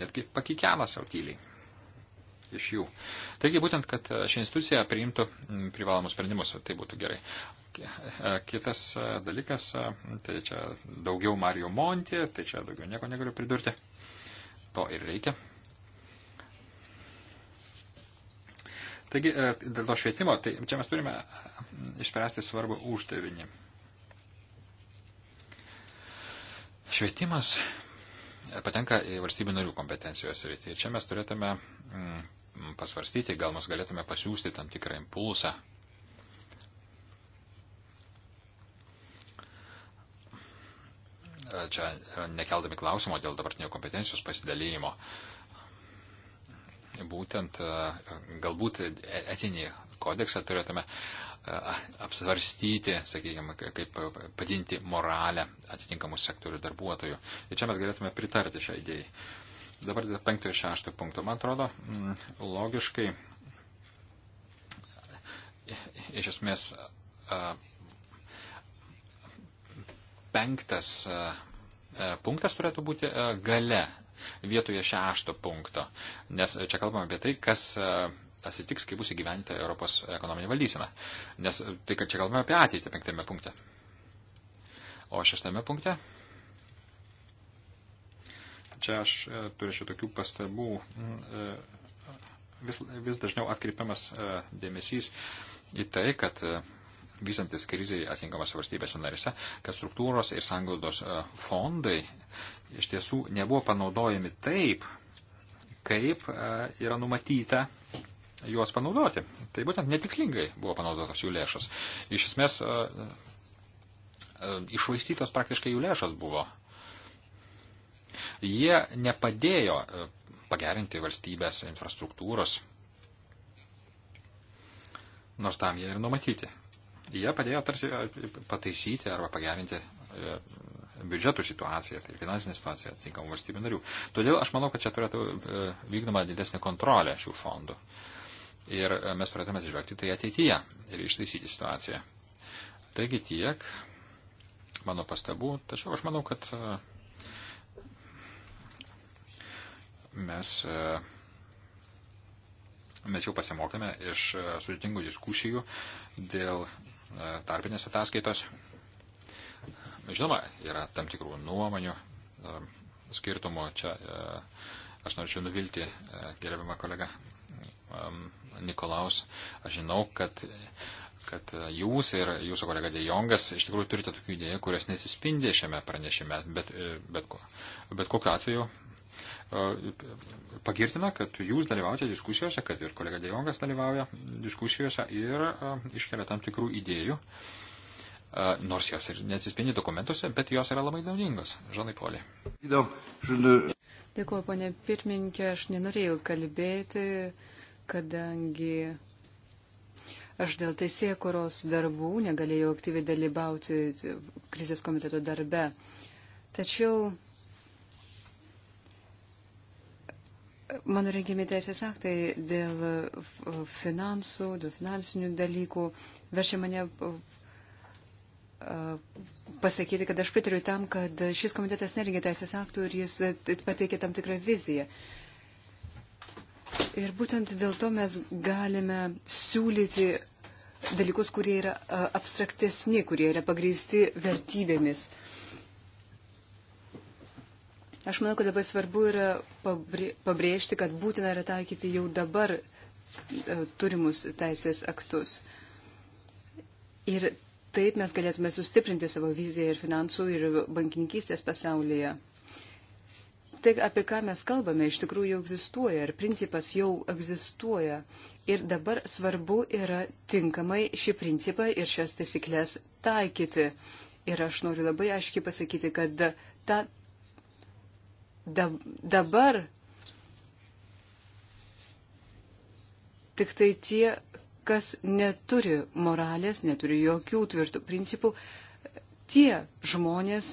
netgi pakikena savo tyliai iš jų. Taigi būtent, kad ši institucija priimtų privalomus sprendimus, tai būtų gerai. Kitas dalykas, tai čia daugiau Mario Monti, tai čia daugiau nieko negaliu pridurti. To ir reikia. Taigi, e, dėl to švietimo, tai čia mes turime e, išspręsti svarbų uždavinį. Švietimas e, patenka į valstybių narių kompetencijos rytį. Ir čia mes turėtume mm, pasvarstyti, gal mes galėtume pasiūsti tam tikrą impulsą. Čia nekeldami klausimo dėl dabartinio kompetencijos pasidalymo. Uh, būtent e, galbūt e, etinį kodeksą turėtume e, apsvarstyti, sakykime, kaip padinti moralę atitinkamų sektorių darbuotojų. Ir čia mes galėtume pritarti šią idėją. Dabar dėl penkto ir šešto punkto. Man atrodo, mm, logiškai iš esmės penktas punktas turėtų būti gale vietoje šešto punkto, nes e, čia kalbame apie tai, kas e, atsitiks, kai bus įgyventa Europos ekonominė valdysena. Nes e, tai, kad čia kalbame apie ateitį penktame punkte. O šeštame punkte. Čia aš turiu šitokių pastabų. Mm, vis, vis dažniau atkreipiamas dėmesys į tai, kad vysantis kriziai atinkamose valstybėse narise, kad struktūros ir sanglaudos e, fondai iš tiesų nebuvo panaudojami taip, kaip e, yra numatyta juos panaudoti. Tai būtent netikslingai buvo panaudotos jų lėšos. Iš esmės, e, išvaistytos praktiškai jų lėšos buvo. Jie nepadėjo pagerinti valstybės infrastruktūros, nors tam jie ir numatyti Jie padėjo tarsi e, pataisyti arba pagerinti e, biudžetų situaciją, tai finansinę situaciją atitinkamų valstybių narių. Todėl aš manau, kad čia turėtų e, vykdoma didesnė kontrolė šių fondų. Ir mes turėtume atsižvelgti tai ateityje ir ištaisyti situaciją. Taigi tiek mano pastabų, tačiau aš manau, kad mes, mes jau pasimokėme iš sudėtingų diskusijų dėl E, tarpinės ataskaitos. Žinoma, yra tam tikrų nuomonių e, skirtumų. Čia e, aš norėčiau nuvilti gerbiamą kolegą Nikolaus. Aš žinau, kad, kad jūs ir jūsų kolega Dejongas iš tikrųjų turite tokių idėjų, kurios nesispindi šiame pranešime, bet, bet, bet kokiu atveju E, pagirtina, kad jūs dalyvaujate diskusijose, kad ir kolega Dejongas dalyvauja diskusijose ir e, iškelia tam tikrų idėjų, e, nors jos ir neatsispindi dokumentuose, bet jos yra labai naudingos. Žanai Polė. Dėkuoju, ponė pirmininkė, aš nenorėjau kalbėti, kadangi aš dėl teisėkuros darbų negalėjau aktyviai dalyvauti krizės komiteto darbe. Tačiau mano rengiami teisės aktai dėl uh, finansų, dėl finansinių dalykų verčia mane uh, uh, pasakyti, kad aš pritariu tam, kad šis komitetas nerengė teisės aktų ir jis pateikė tam tikrą viziją. Ir būtent dėl to mes galime siūlyti dalykus, kurie yra abstraktesni, kurie yra pagrįsti vertybėmis. Uh, Aš manau, kad labai svarbu yra pabrėžti, kad būtina yra taikyti jau dabar e, turimus teisės aktus. Ir taip mes galėtume sustiprinti savo viziją ir finansų ir bankininkystės pasaulyje. Tai, apie ką mes kalbame, iš tikrųjų jau egzistuoja ir principas jau egzistuoja. Ir dabar svarbu yra tinkamai šį principą ir šias taisyklės taikyti. Ir aš noriu labai aiškiai pasakyti, kad tą dabar tik tai tie, kas neturi moralės, neturi jokių tvirtų principų, tie žmonės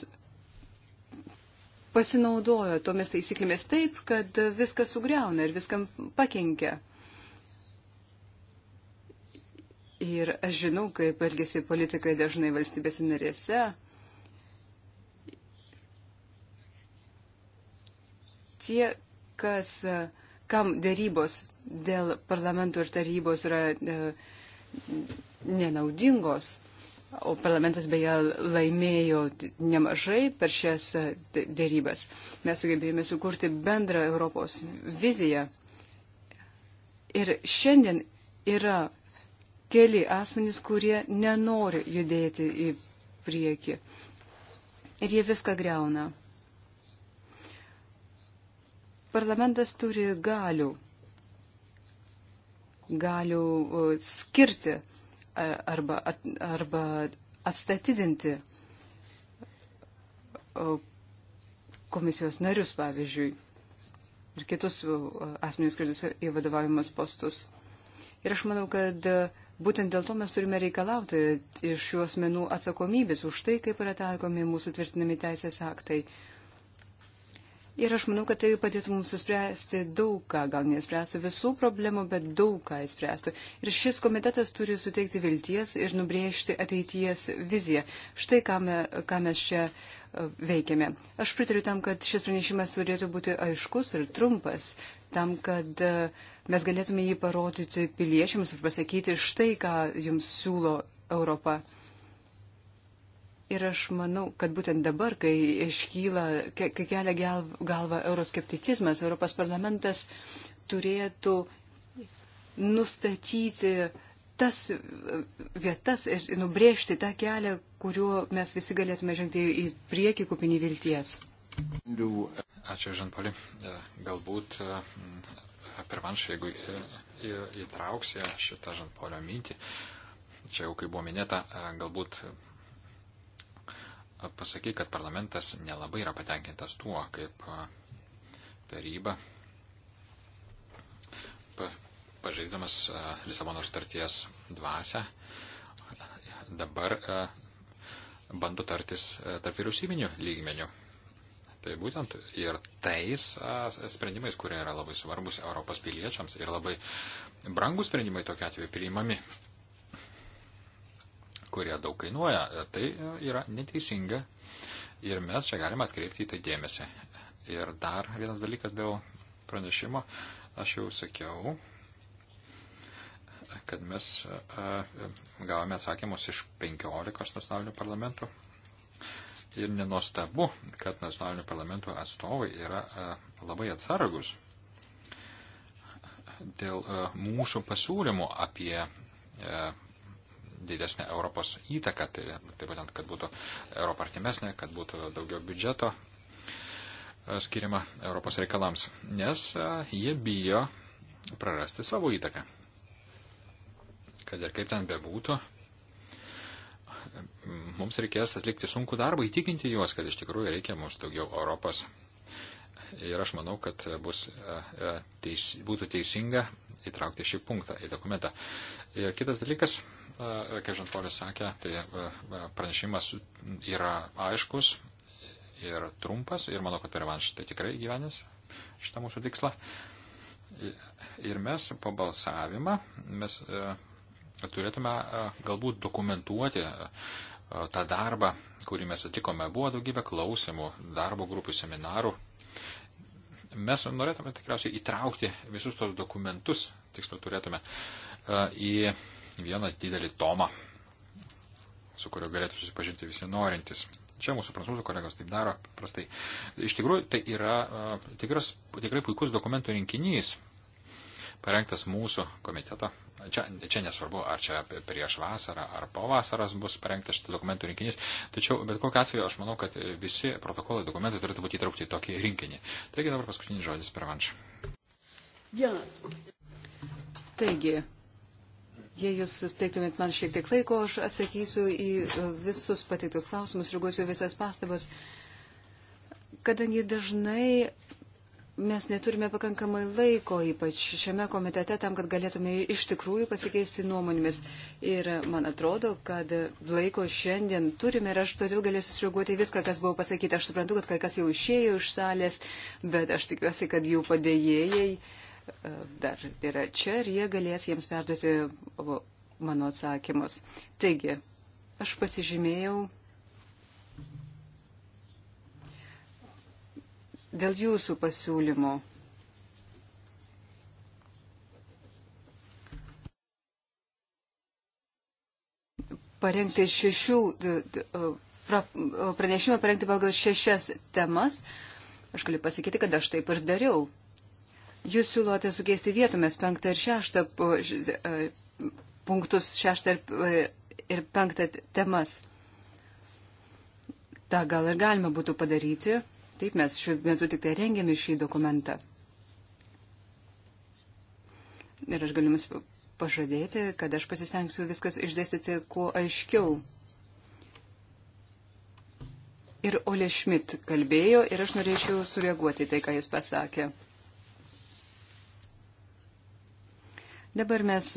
pasinaudojo tomis taisyklėmis taip, kad viską sugriauna ir viskam pakenkia. Ir aš žinau, kaip elgesi politikai dažnai valstybėse narėse. tie, kas, e, kam dėrybos dėl parlamentų ir tarybos yra e, nenaudingos, o parlamentas beje laimėjo nemažai per šias e, dėrybas. Mes sugebėjome sukurti bendrą Europos viziją. Ir šiandien yra keli asmenys, kurie nenori judėti į priekį. Ir jie viską greuna parlamentas turi galių, galių skirti arba, arba atstatydinti komisijos narius, pavyzdžiui, ir kitus asmenys, kuris į vadovavimus postus. Ir aš manau, kad būtent dėl to mes turime reikalauti iš šių asmenų atsakomybės už tai, kaip yra taikomi mūsų tvirtinami teisės aktai. Ir aš manau, kad tai padėtų mums įspręsti daug ką, gal nespręstų visų problemų, bet daug ką įspręstų. Ir šis komitetas turi suteikti vilties ir nubrėžti ateities viziją. Štai ką, me, ką mes čia e, veikiame. Aš pritariu tam, kad šis pranešimas turėtų būti aiškus ir trumpas, tam, kad e, mes galėtume jį parodyti piliečiams ir pasakyti štai, ką jums siūlo Europa. Ir aš manau, kad būtent dabar, kai iškyla, kai kelia galva euroskepticizmas, Europos parlamentas turėtų nustatyti tas vietas ir nubrėžti tą kelią, kuriuo mes visi galėtume žengti į priekį kupinį vilties. Ačiū, Žanpoli. E, galbūt e, pirmanšai, jeigu įtrauksė šitą Žanpolio mintį, čia jau kaip buvo minėta, e, galbūt pasakyti, kad parlamentas nelabai yra patenkintas tuo, kaip taryba pažeidamas Lisabono sutarties dvasę dabar bando tartis tarp vyriausybinių lygmenių. Tai būtent ir tais sprendimais, kurie yra labai svarbus Europos piliečiams ir labai brangus sprendimai tokia atveju priimami kurie daug kainuoja, e, tai e, yra neteisinga. Ir mes čia galime atkreipti į tai dėmesį. Ir dar vienas dalykas dėl pranešimo. Aš jau sakiau, kad mes e, gavome atsakymus iš 15 nacionalinių parlamentų. Ir nenostabu, kad nacionalinių parlamentų atstovai yra labai atsargus dėl mūsų pasiūlymų apie didesnę Europos įtaką, tai, tai būtent, kad būtų Europa artimesnė, kad būtų daugiau biudžeto e, skiriama Europos reikalams, nes e, jie bijo prarasti savo įtaką. Kad ir kaip ten bebūtų, mums reikės atlikti sunku darbą, įtikinti juos, kad iš tikrųjų reikia mums daugiau Europos ir aš manau, kad bus, e, e, teis, būtų teisinga įtraukti šį punktą į dokumentą. Ir kitas dalykas, e, kaip Žanpolis sakė, tai pranešimas yra aiškus ir trumpas ir manau, kad Pervanš tai tikrai gyvenės šitą mūsų tikslą. Ir mes po balsavimą mes turėtume galbūt dokumentuoti tą darbą, kurį mes atlikome. Buvo daugybė klausimų, darbo grupių seminarų Mes norėtume tikriausiai įtraukti visus tos dokumentus, tiksliau turėtume, e, į vieną didelį tomą, su kuriuo galėtų susipažinti visi norintys. Čia mūsų prancūzų kolegos taip daro prastai. Iš tikrųjų, tai yra e, tikras, tikrai puikus dokumentų rinkinys, parengtas mūsų komiteto Čia, čia nesvarbu, ar čia prieš vasarą, ar po vasaros bus parengtas šitas dokumentų rinkinys, tačiau bet kokiu atveju aš manau, kad visi protokolai dokumentai turėtų būti įtraukti į tokį rinkinį. Taigi dabar paskutinis žodis per vanš. Ja. Taigi, jei jūs susteiktumėt man šiek tiek laiko, aš atsakysiu į e, visus pateiktus klausimus, reaguosiu visas pastabas, kadangi dažnai mes neturime pakankamai laiko, ypač šiame komitete, tam, kad galėtume iš tikrųjų pasikeisti nuomonėmis. Ir man atrodo, kad laiko šiandien turime ir aš todėl galėsiu sureaguoti viską, kas buvo pasakyta. Aš suprantu, kad kai kas jau išėjo iš salės, bet aš tikiuosi, kad jų padėjėjai e, dar yra čia ir jie galės jiems perduoti mano atsakymus. Taigi, aš pasižymėjau dėl jūsų pasiūlymų. Parengti šešių, pranešimą parengti pagal šešias temas. Aš galiu pasakyti, kad aš taip ir dariau. Jūs siūlote sukeisti vietomis penktą ir šeštą e, punktus, šeštą e, ir penktą temas. Ta gal ir galima būtų padaryti. Taip mes šiuo metu tik tai rengėme šį dokumentą. Ir aš galiu jums pažadėti, kad aš pasistengsiu viskas išdėstyti kuo aiškiau. Ir Ole Schmidt kalbėjo ir aš norėčiau sureaguoti tai, ką jis pasakė. Dabar mes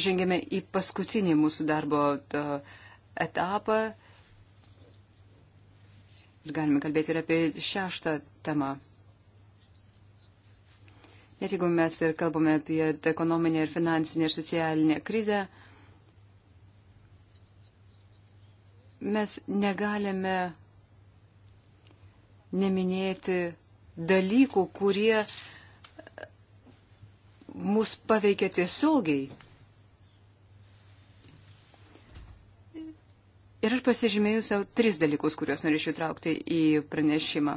įžengėme į paskutinį mūsų darbo uh, etapą Galime kalbėti ir apie šeštą temą. Net jeigu mes ir kalbame apie ekonominę ir finansinę ir socialinę krizę, mes negalime neminėti dalykų, kurie mus paveikia tiesiogiai. Ir aš pasižymėjau savo tris dalykus, kuriuos norėčiau traukti į pranešimą.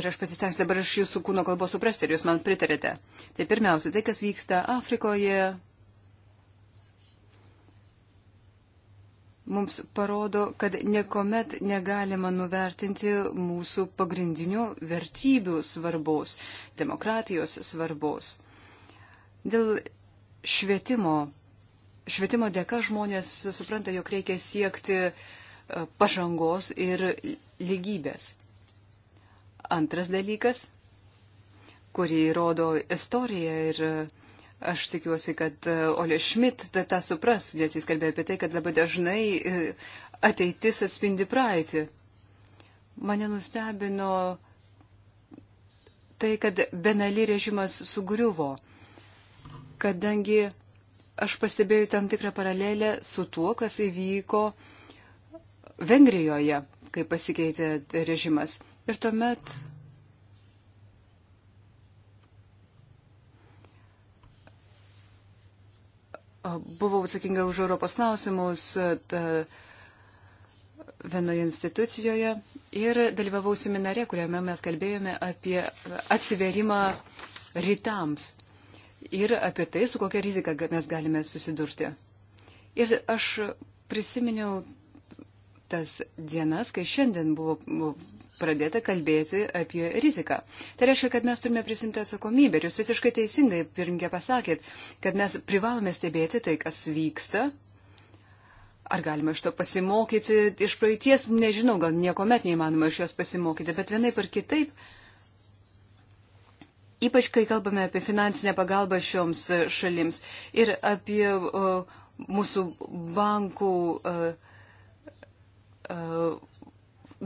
Ir aš pasistengsiu dabar iš jūsų kūno kalbos suprasti, ar jūs man pritarėte. Tai pirmiausia, tai, kas vyksta Afrikoje, mums parodo, kad niekuomet negalima nuvertinti mūsų pagrindinių vertybių svarbos, demokratijos svarbos. Dėl švietimo švietimo dėka žmonės supranta, jog reikia siekti e, pažangos ir lygybės. Antras dalykas, kurį rodo istorija ir e, aš tikiuosi, kad e, Olė Šmit tą supras, nes jis kalbėjo apie tai, kad labai dažnai ateitis atspindi praeitį. Mane nustebino tai, kad Benali režimas sugriuvo, kadangi aš pastebėjau tam tikrą paralelę su tuo, kas įvyko Vengrijoje, kai pasikeitė režimas. Ir tuomet buvau atsakinga už Europos klausimus vienoje institucijoje ir dalyvavau seminare, kuriame mes kalbėjome apie atsiverimą rytams ir apie tai, su kokia rizika mes galime susidurti. Ir aš prisiminiau tas dienas, kai šiandien buvo pradėta kalbėti apie riziką. Tai reiškia, kad mes turime prisimti atsakomybę. Ir jūs visiškai teisingai, pirmkė, pasakėt, kad mes privalome stebėti tai, kas vyksta. Ar galima iš to pasimokyti? Iš praeities nežinau, gal niekuomet neįmanoma iš jos pasimokyti, bet vienaip ar kitaip ypač kai kalbame apie finansinę pagalbą šioms e, šalims ir apie mūsų bankų e, e,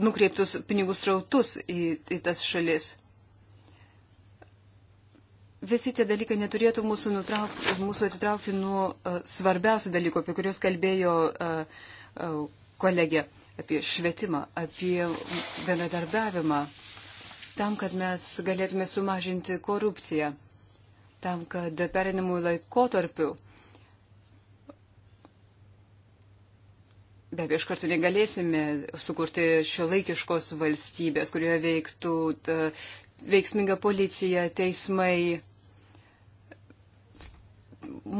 nukreiptus pinigus rautus į, į tas šalis. Visi tie dalykai neturėtų mūsų, nutraukti, mūsų atitraukti nuo uh, svarbiausių dalykų, apie kuriuos kalbėjo uh, uh, kolegė, apie švietimą, apie bendradarbiavimą. Uh, tam, kad mes galėtume sumažinti korupciją, tam, kad perinamų laikotarpių Be abejo, iš karto negalėsime sukurti šiuolaikiškos valstybės, kurioje veiktų ta, veiksminga policija, teismai,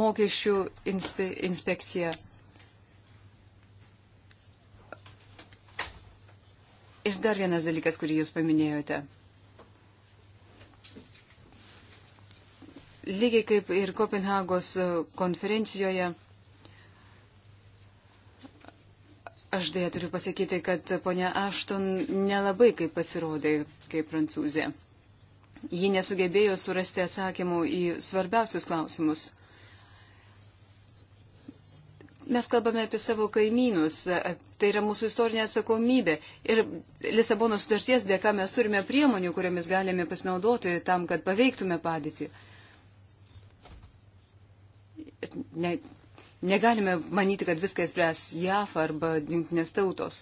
mokesčių inspe, inspekcija. Ir dar vienas dalykas, kurį jūs paminėjote. lygiai kaip ir Kopenhagos e, konferencijoje. Aš dėja turiu pasakyti, kad ponia Ašton nelabai kaip pasirodė kaip prancūzė. Ji nesugebėjo surasti atsakymų į svarbiausius klausimus. Mes kalbame apie savo kaimynus, e, tai yra mūsų istorinė atsakomybė. Ir Lisabono sutarties dėka mes turime priemonių, kuriamis galime pasinaudoti tam, kad paveiktume padėtį ne, negalime manyti, kad viską spręs JAF arba jungtinės tautos.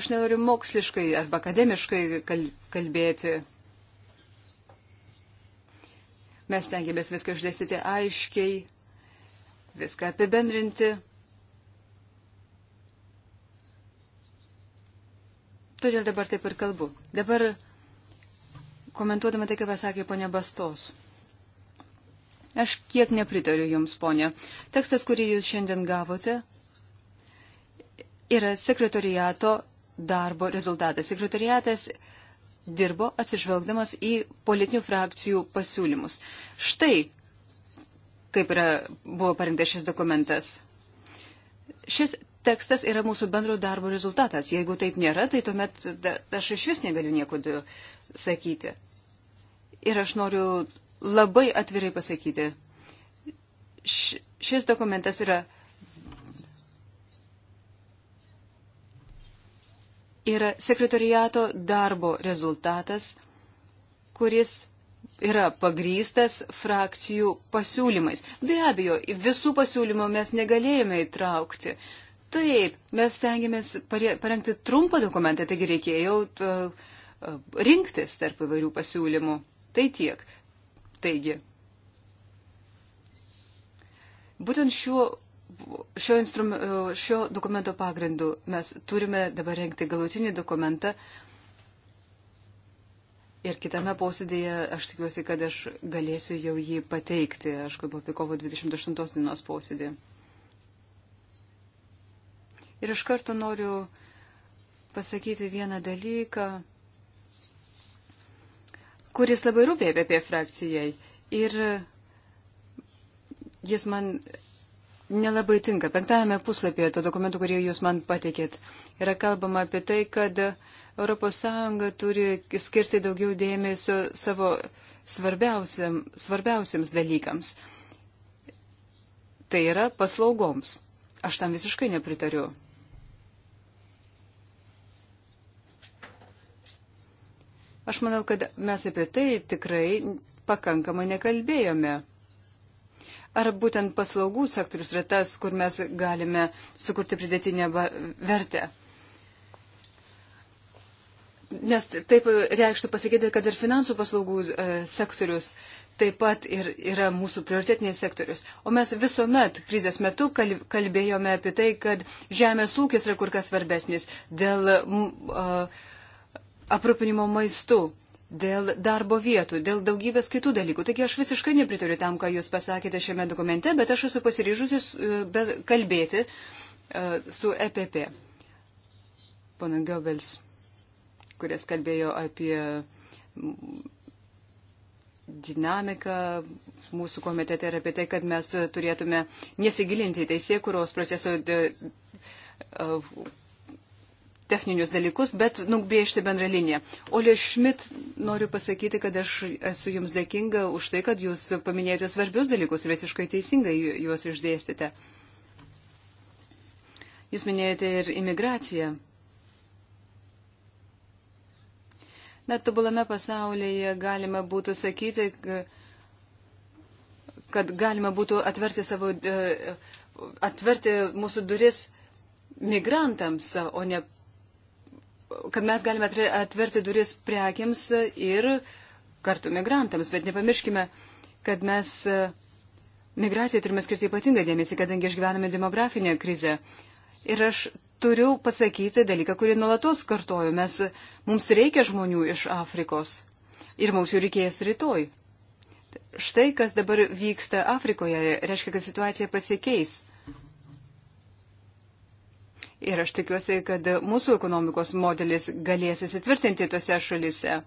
Aš nenoriu moksliškai arba akademiškai kalbėti. Mes tengiamės viską išdėstyti aiškiai, viską apibendrinti. Todėl dabar taip ir kalbu. Dabar komentuodama tai, ką pasakė ponia Bastos. Aš kiek nepritariu Jums, ponė. Tekstas, kurį Jūs šiandien gavote, yra sekretoriato darbo rezultatas. Sekretoriatas dirbo atsižvelgdamas į politinių frakcijų pasiūlymus. Štai kaip yra, buvo parinktas šis dokumentas. Šis tekstas yra mūsų bendro darbo rezultatas. Jeigu taip nėra, tai tuomet aš iš vis negaliu nieko sakyti. Ir aš noriu labai atvirai pasakyti. Šis dokumentas yra. Yra sekretariato darbo rezultatas, kuris yra pagrystas frakcijų pasiūlymais. Be abejo, visų pasiūlymų mes negalėjome įtraukti. Taip, mes stengiamės parengti trumpą dokumentą, taigi reikėjo uh, rinktis tarp įvairių pasiūlymų. Tai tiek. Taigi, būtent šiuo, šio, instrum, šio dokumento pagrindu mes turime dabar renkti galutinį dokumentą. Ir kitame posėdėje aš tikiuosi, kad aš galėsiu jau jį pateikti. Aš kalbu apie kovo 28 dienos posėdį. Ir iš karto noriu pasakyti vieną dalyką kuris labai rūpėjo apie frakcijai. Ir jis man nelabai tinka. Penktame puslapyje to dokumento, kurį jūs man patikėt, yra kalbama apie tai, kad ES turi skirti daugiau dėmesio savo svarbiausiam, svarbiausiams dalykams. Tai yra paslaugoms. Aš tam visiškai nepritariu. Aš manau, kad mes apie tai tikrai pakankamai nekalbėjome. Ar būtent paslaugų sektorius yra tas, kur mes galime sukurti pridėtinę vertę? Nes taip reikštų pasakyti, kad ir finansų paslaugų e, sektorius taip pat ir yra mūsų prioritetinis sektorius. O mes visuomet krizės metu kalbėjome apie tai, kad žemės ūkis yra kur kas svarbesnis dėl uh, aprūpinimo maistu, dėl darbo vietų, dėl daugybės kitų dalykų. Taigi aš visiškai nepritariu tam, ką jūs pasakėte šiame dokumente, bet aš esu pasiryžusi e, kalbėti e, su EPP. Pana Goebbels, kuris kalbėjo apie dinamiką mūsų komitete ir apie tai, kad mes turėtume nesigilinti į teisėkuros proceso e, techninius dalykus, bet nubrėžti bendrą liniją. Olė Šmit, noriu pasakyti, kad aš esu Jums dėkinga už tai, kad Jūs paminėjote svarbius dalykus ir visiškai teisingai juos išdėstėte. Jūs minėjote ir imigraciją. Net tobulame pasaulyje galima būtų sakyti, kad galima būtų atverti, savo, e, atverti mūsų duris migrantams, o ne kad mes galime atverti duris prekiams ir kartu migrantams, bet nepamirškime, kad mes e, migracijai turime skirti ypatingą dėmesį, kadangi išgyvename demografinę krizę. Ir aš turiu pasakyti dalyką, kurį nuolatos kartoju. Mes, mums reikia žmonių iš Afrikos ir mums jų reikės rytoj. Štai kas dabar vyksta Afrikoje, reiškia, kad situacija pasikeis. Ir aš tikiuosi, kad mūsų ekonomikos modelis galės įsitvirtinti tose šalise.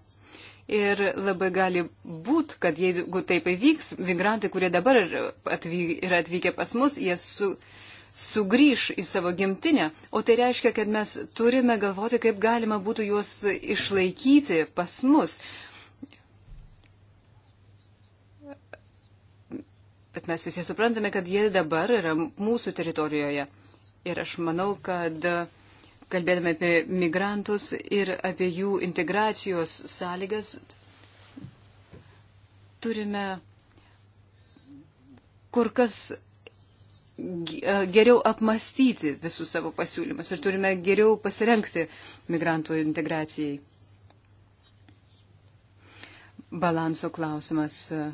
Ir labai gali būti, kad jeigu taip įvyks, migrantai, kurie dabar yra atvykę pas mus, jie su, sugrįž į savo gimtinę. O tai reiškia, kad mes turime galvoti, kaip galima būtų juos išlaikyti pas mus. Bet mes visi suprantame, kad jie dabar yra mūsų teritorijoje. Ir aš manau, kad kalbėdami apie migrantus ir apie jų integracijos sąlygas, turime kur kas e, geriau apmastyti visus savo pasiūlymus ir turime geriau pasirenkti migrantų integracijai. Balanso klausimas. Uh,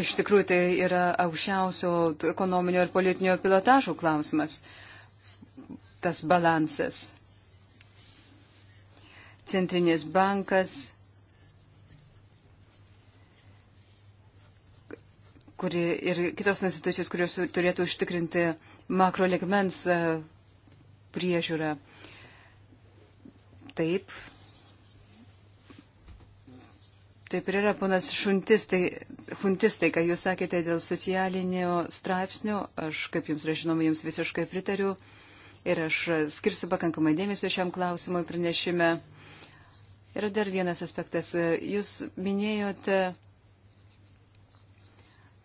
iš tikrųjų tai yra aukščiausio ekonominio ir politinio pilotažų klausimas, tas balansas. Centrinis bankas, kuri ir kitos institucijos, kurios turėtų užtikrinti makrolegmens e, priežiūrą. Taip, Taip ir yra, ponas Šuntistai, Huntistai, ką jūs sakėte dėl socialinio straipsnio, aš, kaip jums yra žinoma, jums visiškai pritariu ir aš skirsiu pakankamai dėmesio šiam klausimui pranešime. Yra dar vienas aspektas. Jūs minėjote,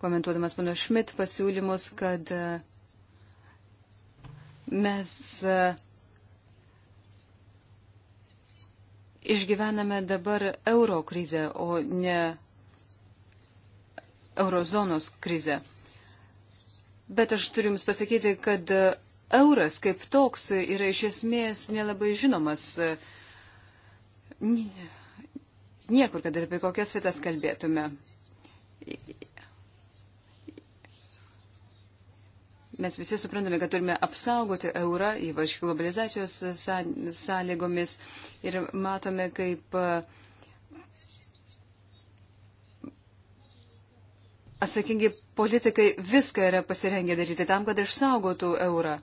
komentuodamas mano Šmit pasiūlymus, kad mes išgyvename dabar euro krizę, o ne eurozonos krizę. Bet aš turiu Jums pasakyti, kad euras kaip toks yra iš esmės nelabai žinomas. Niekur, kad ir apie kokias vietas kalbėtume. mes visi suprantame, kad turime apsaugoti eurą, ypač globalizacijos sąlygomis. Ir matome, kaip e, atsakingi politikai viską yra pasirengę daryti tam, kad išsaugotų eurą.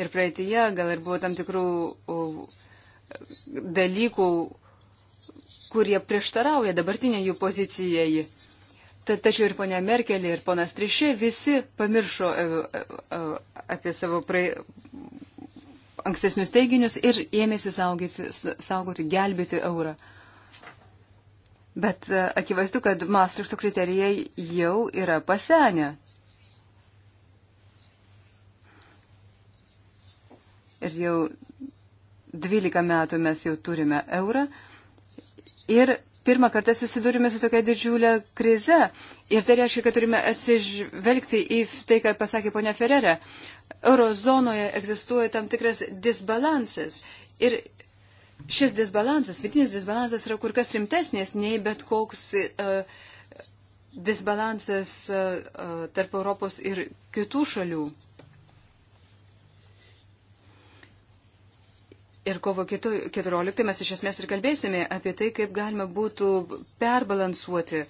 Ir praeitie gal ir buvo tam tikrų dalykų, kurie prieštarauja dabartinė jų pozicijai. Tačiau ir ponia Merkelė, ir ponas Trišė visi pamiršo e, e, e, apie savo prae... ankstesnius teiginius ir ėmėsi saugoti, saugoti gelbėti eurą. Bet akivaizdu, kad Maastrichto kriterijai jau yra pasenę. Ir jau 12 metų mes jau turime eurą. Ir pirmą kartą susidurime su tokia didžiulė krize. Ir tai reiškia, kad turime atsižvelgti į tai, ką pasakė ponia Ferrerė. Eurozonoje egzistuoja tam tikras disbalansas. Ir šis disbalansas, vidinis disbalansas yra kur kas rimtesnės nei bet koks uh, disbalansas uh, tarp Europos ir kitų šalių. Ir kovo 14 mes iš esmės ir kalbėsime apie tai, kaip galima būtų perbalansuoti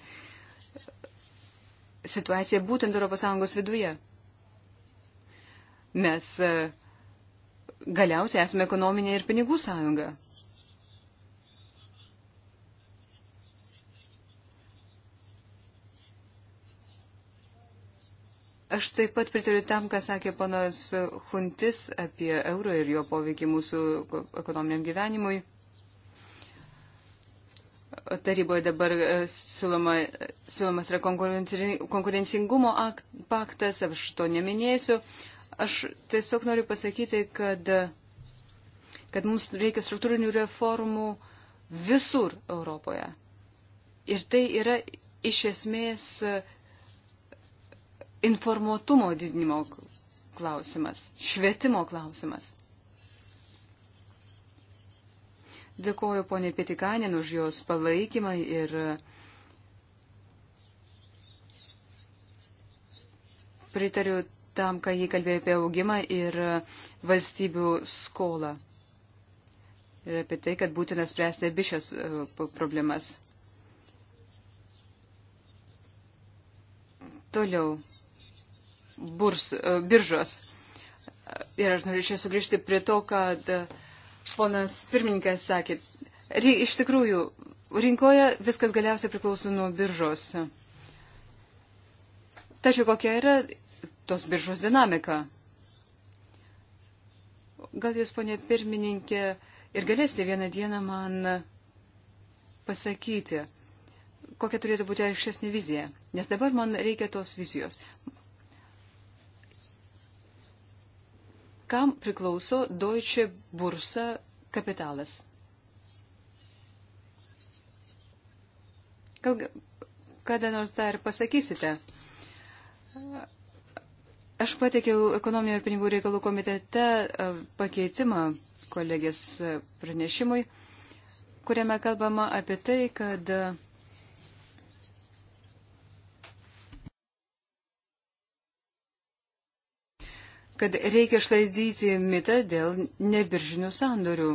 situaciją būtent ES viduje. Mes e, galiausiai esame ekonominė ir pinigų sąjunga. Aš taip pat pritariu tam, ką sakė ponas Huntis apie eurą ir jo poveikį mūsų ekonominiam gyvenimui. Taryboje dabar e, siūloma, siūlomas yra konkurencingumo akt, paktas, aš to neminėsiu. Aš tiesiog noriu pasakyti, kad, kad mums reikia struktūrinių reformų visur Europoje. Ir tai yra iš esmės informuotumo didinimo klausimas, švietimo klausimas. Dėkoju ponė Pietikanin už jos palaikymą ir pritariu tam, ką jį kalbėjo apie augimą ir valstybių skolą. Ir apie tai, kad būtina spręsti abi šias e, problemas. Toliau burs, e, biržos. Ir aš norėčiau sugrįžti prie to, kad e, ponas pirmininkas sakė, iš tikrųjų, rinkoje viskas galiausiai priklauso nuo biržos. Tačiau kokia yra tos biržos dinamika? Gal jūs, ponė pirmininkė, ir galėsite vieną dieną man pasakyti, kokia turėtų būti aiškesnė vizija. Nes dabar man reikia tos vizijos. kam priklauso Deutsche Bursa kapitalas. Gal kada nors dar pasakysite? Aš pateikiau ekonominio ir pinigų reikalų komitete e, pakeitimą kolegės e, pranešimui, kuriame kalbama apie tai, kad kad reikia išlaidyti mitą dėl nebiržinių sandorių.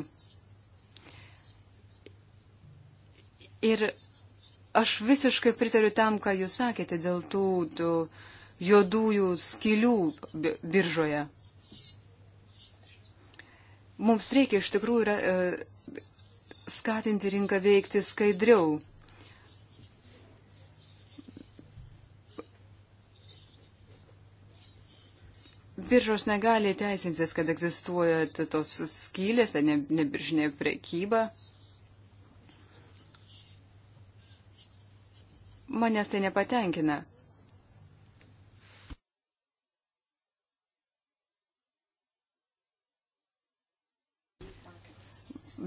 Ir aš visiškai pritariu tam, ką jūs sakėte dėl tų, tų juodųjų skilių biržoje. Mums reikia iš tikrųjų yra, e, skatinti rinką veikti skaidriau. Biržos negali teisintis, kad egzistuoja tos skylės, tai nebiržinė ne prekyba. Manęs tai nepatenkina.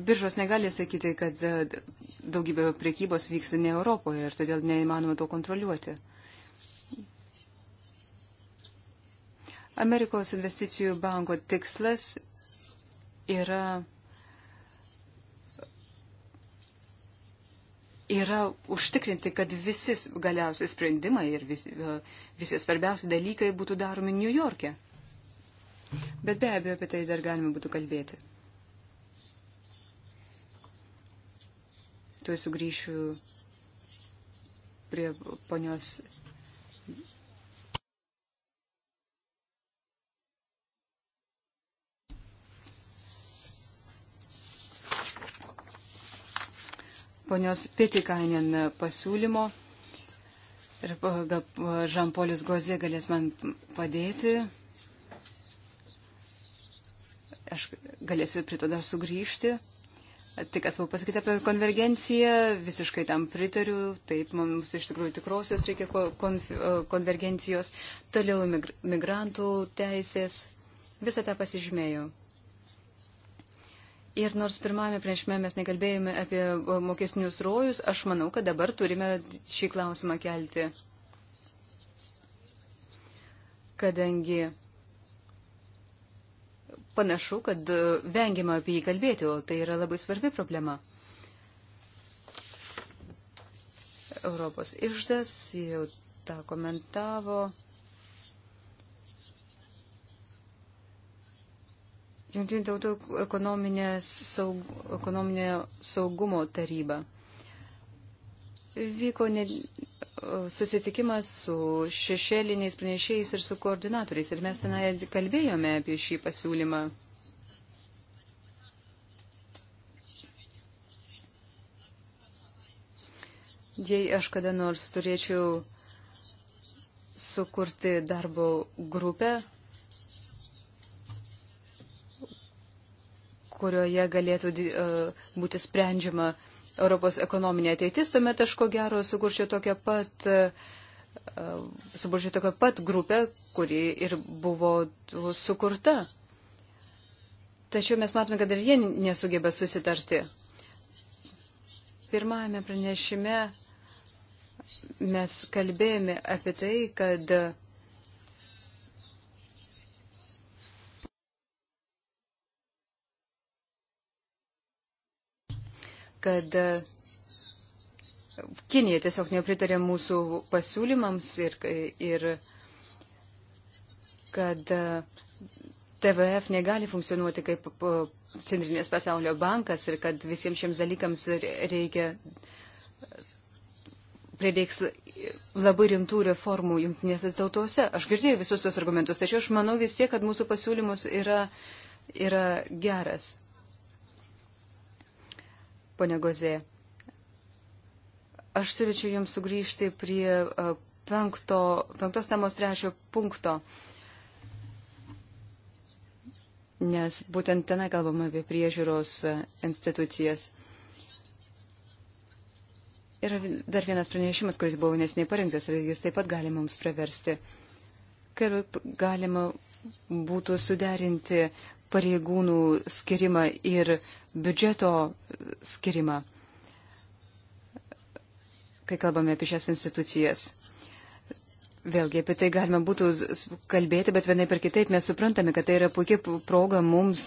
biržos negali sakyti, kad e, daugybė priekybos vyksta ne Europoje ir todėl neįmanoma to kontroliuoti. Amerikos investicijų banko tikslas yra, yra užtikrinti, kad visi galiausiai sprendimai ir visi, visi svarbiausi dalykai būtų daromi New York'e. Bet be abejo, apie tai dar galima būtų kalbėti. Tuo sugrįšiu prie ponios ponios Pietikainen pasiūlymo. Ir gal Žampolis Gozė galės man padėti. Aš galėsiu prie to dar sugrįžti. Tai, kas buvo pasakyta apie konvergenciją, visiškai tam pritariu. Taip, mums iš tikrųjų tikrosios reikia konvergencijos. Toliau migrantų teisės. Visą tą pasižymėjau. Ir nors pirmame priešme mes nekalbėjome apie mokesnius rojus, aš manau, kad dabar turime šį klausimą kelti. Kadangi panašu, kad vengiama apie jį kalbėti, o tai yra labai svarbi problema. Europos išdas jau tą komentavo. Junktinių tautų saug, ekonominio saugumo taryba. Vyko ne, susitikimas su šešėliniais pranešėjais ir su koordinatoriais ir mes tenai kalbėjome apie šį pasiūlymą. Jei aš kada nors turėčiau sukurti darbo grupę, kurioje galėtų e, būti sprendžiama Europos ekonominė ateitis, tuomet aš ko gero sukurčiau tokią pat, e, e, suburčiau tokią pat grupę, kuri ir buvo sukurta. Tačiau mes matome, kad ir jie nesugeba susitarti. Pirmajame pranešime mes kalbėjome apie tai, kad kad e, Kinija tiesiog nepritarė mūsų pasiūlymams ir, ir kad e, TVF negali funkcionuoti kaip e, Centrinės pasaulio bankas ir kad visiems šiems dalykams reikia prireiks labai rimtų reformų jungtinėse tautose. Aš girdėjau visus tos argumentus, tačiau aš manau vis tiek, kad mūsų pasiūlymus yra, yra geras ponė Gozė. Aš siūlyčiau Jums sugrįžti prie penkto, penktos temos trečio punkto, nes būtent tenai kalbama apie priežiūros institucijas. Ir dar vienas pranešimas, kuris buvo nesnei parinktas, ir jis taip pat gali mums praversti. Kaip galima būtų suderinti pareigūnų skirimą ir uh, biudžeto skirimą, kai kalbame apie šias institucijas. Vėlgi apie tai galima būtų kalbėti, bet vienai per kitaip mes suprantame, kad tai yra puikia proga mums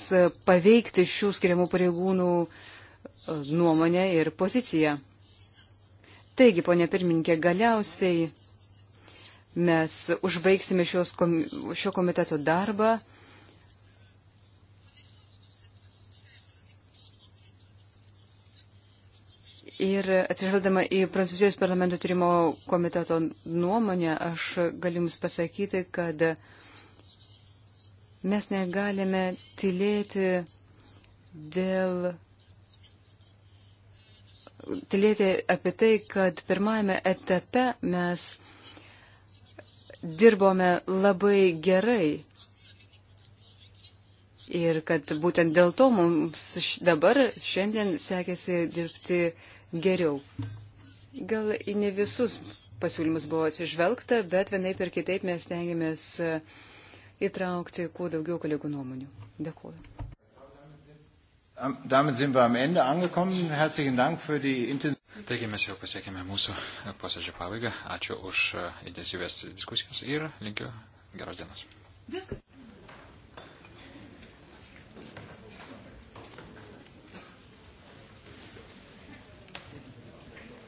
paveikti šių skiriamų pareigūnų e, nuomonę ir poziciją. Taigi, ponė pirmininkė, galiausiai mes užbaigsime šios, šio komiteto darbą Ir atsižvelgdama į Prancūzijos parlamento tyrimo komiteto nuomonę, aš galiu Jums pasakyti, kad mes negalime tylėti dėl. Tylėti apie tai, kad pirmajame etape mes dirbome labai gerai Ir kad būtent dėl to mums dabar šiandien sekėsi dirbti geriau. Gal į ne visus pasiūlymus buvo atsižvelgta, bet vienai per kitaip mes tengiamės e, įtraukti kuo daugiau kolegų nuomonių. Dėkuoju. Damit sind wir am Ende angekommen. Herzlichen Dank für die intensive. Taigi mes jau pasiekėme mūsų posėdžio pabaigą. Ačiū už e, intensyvės diskusijas ir linkiu geros dienos. Viskas.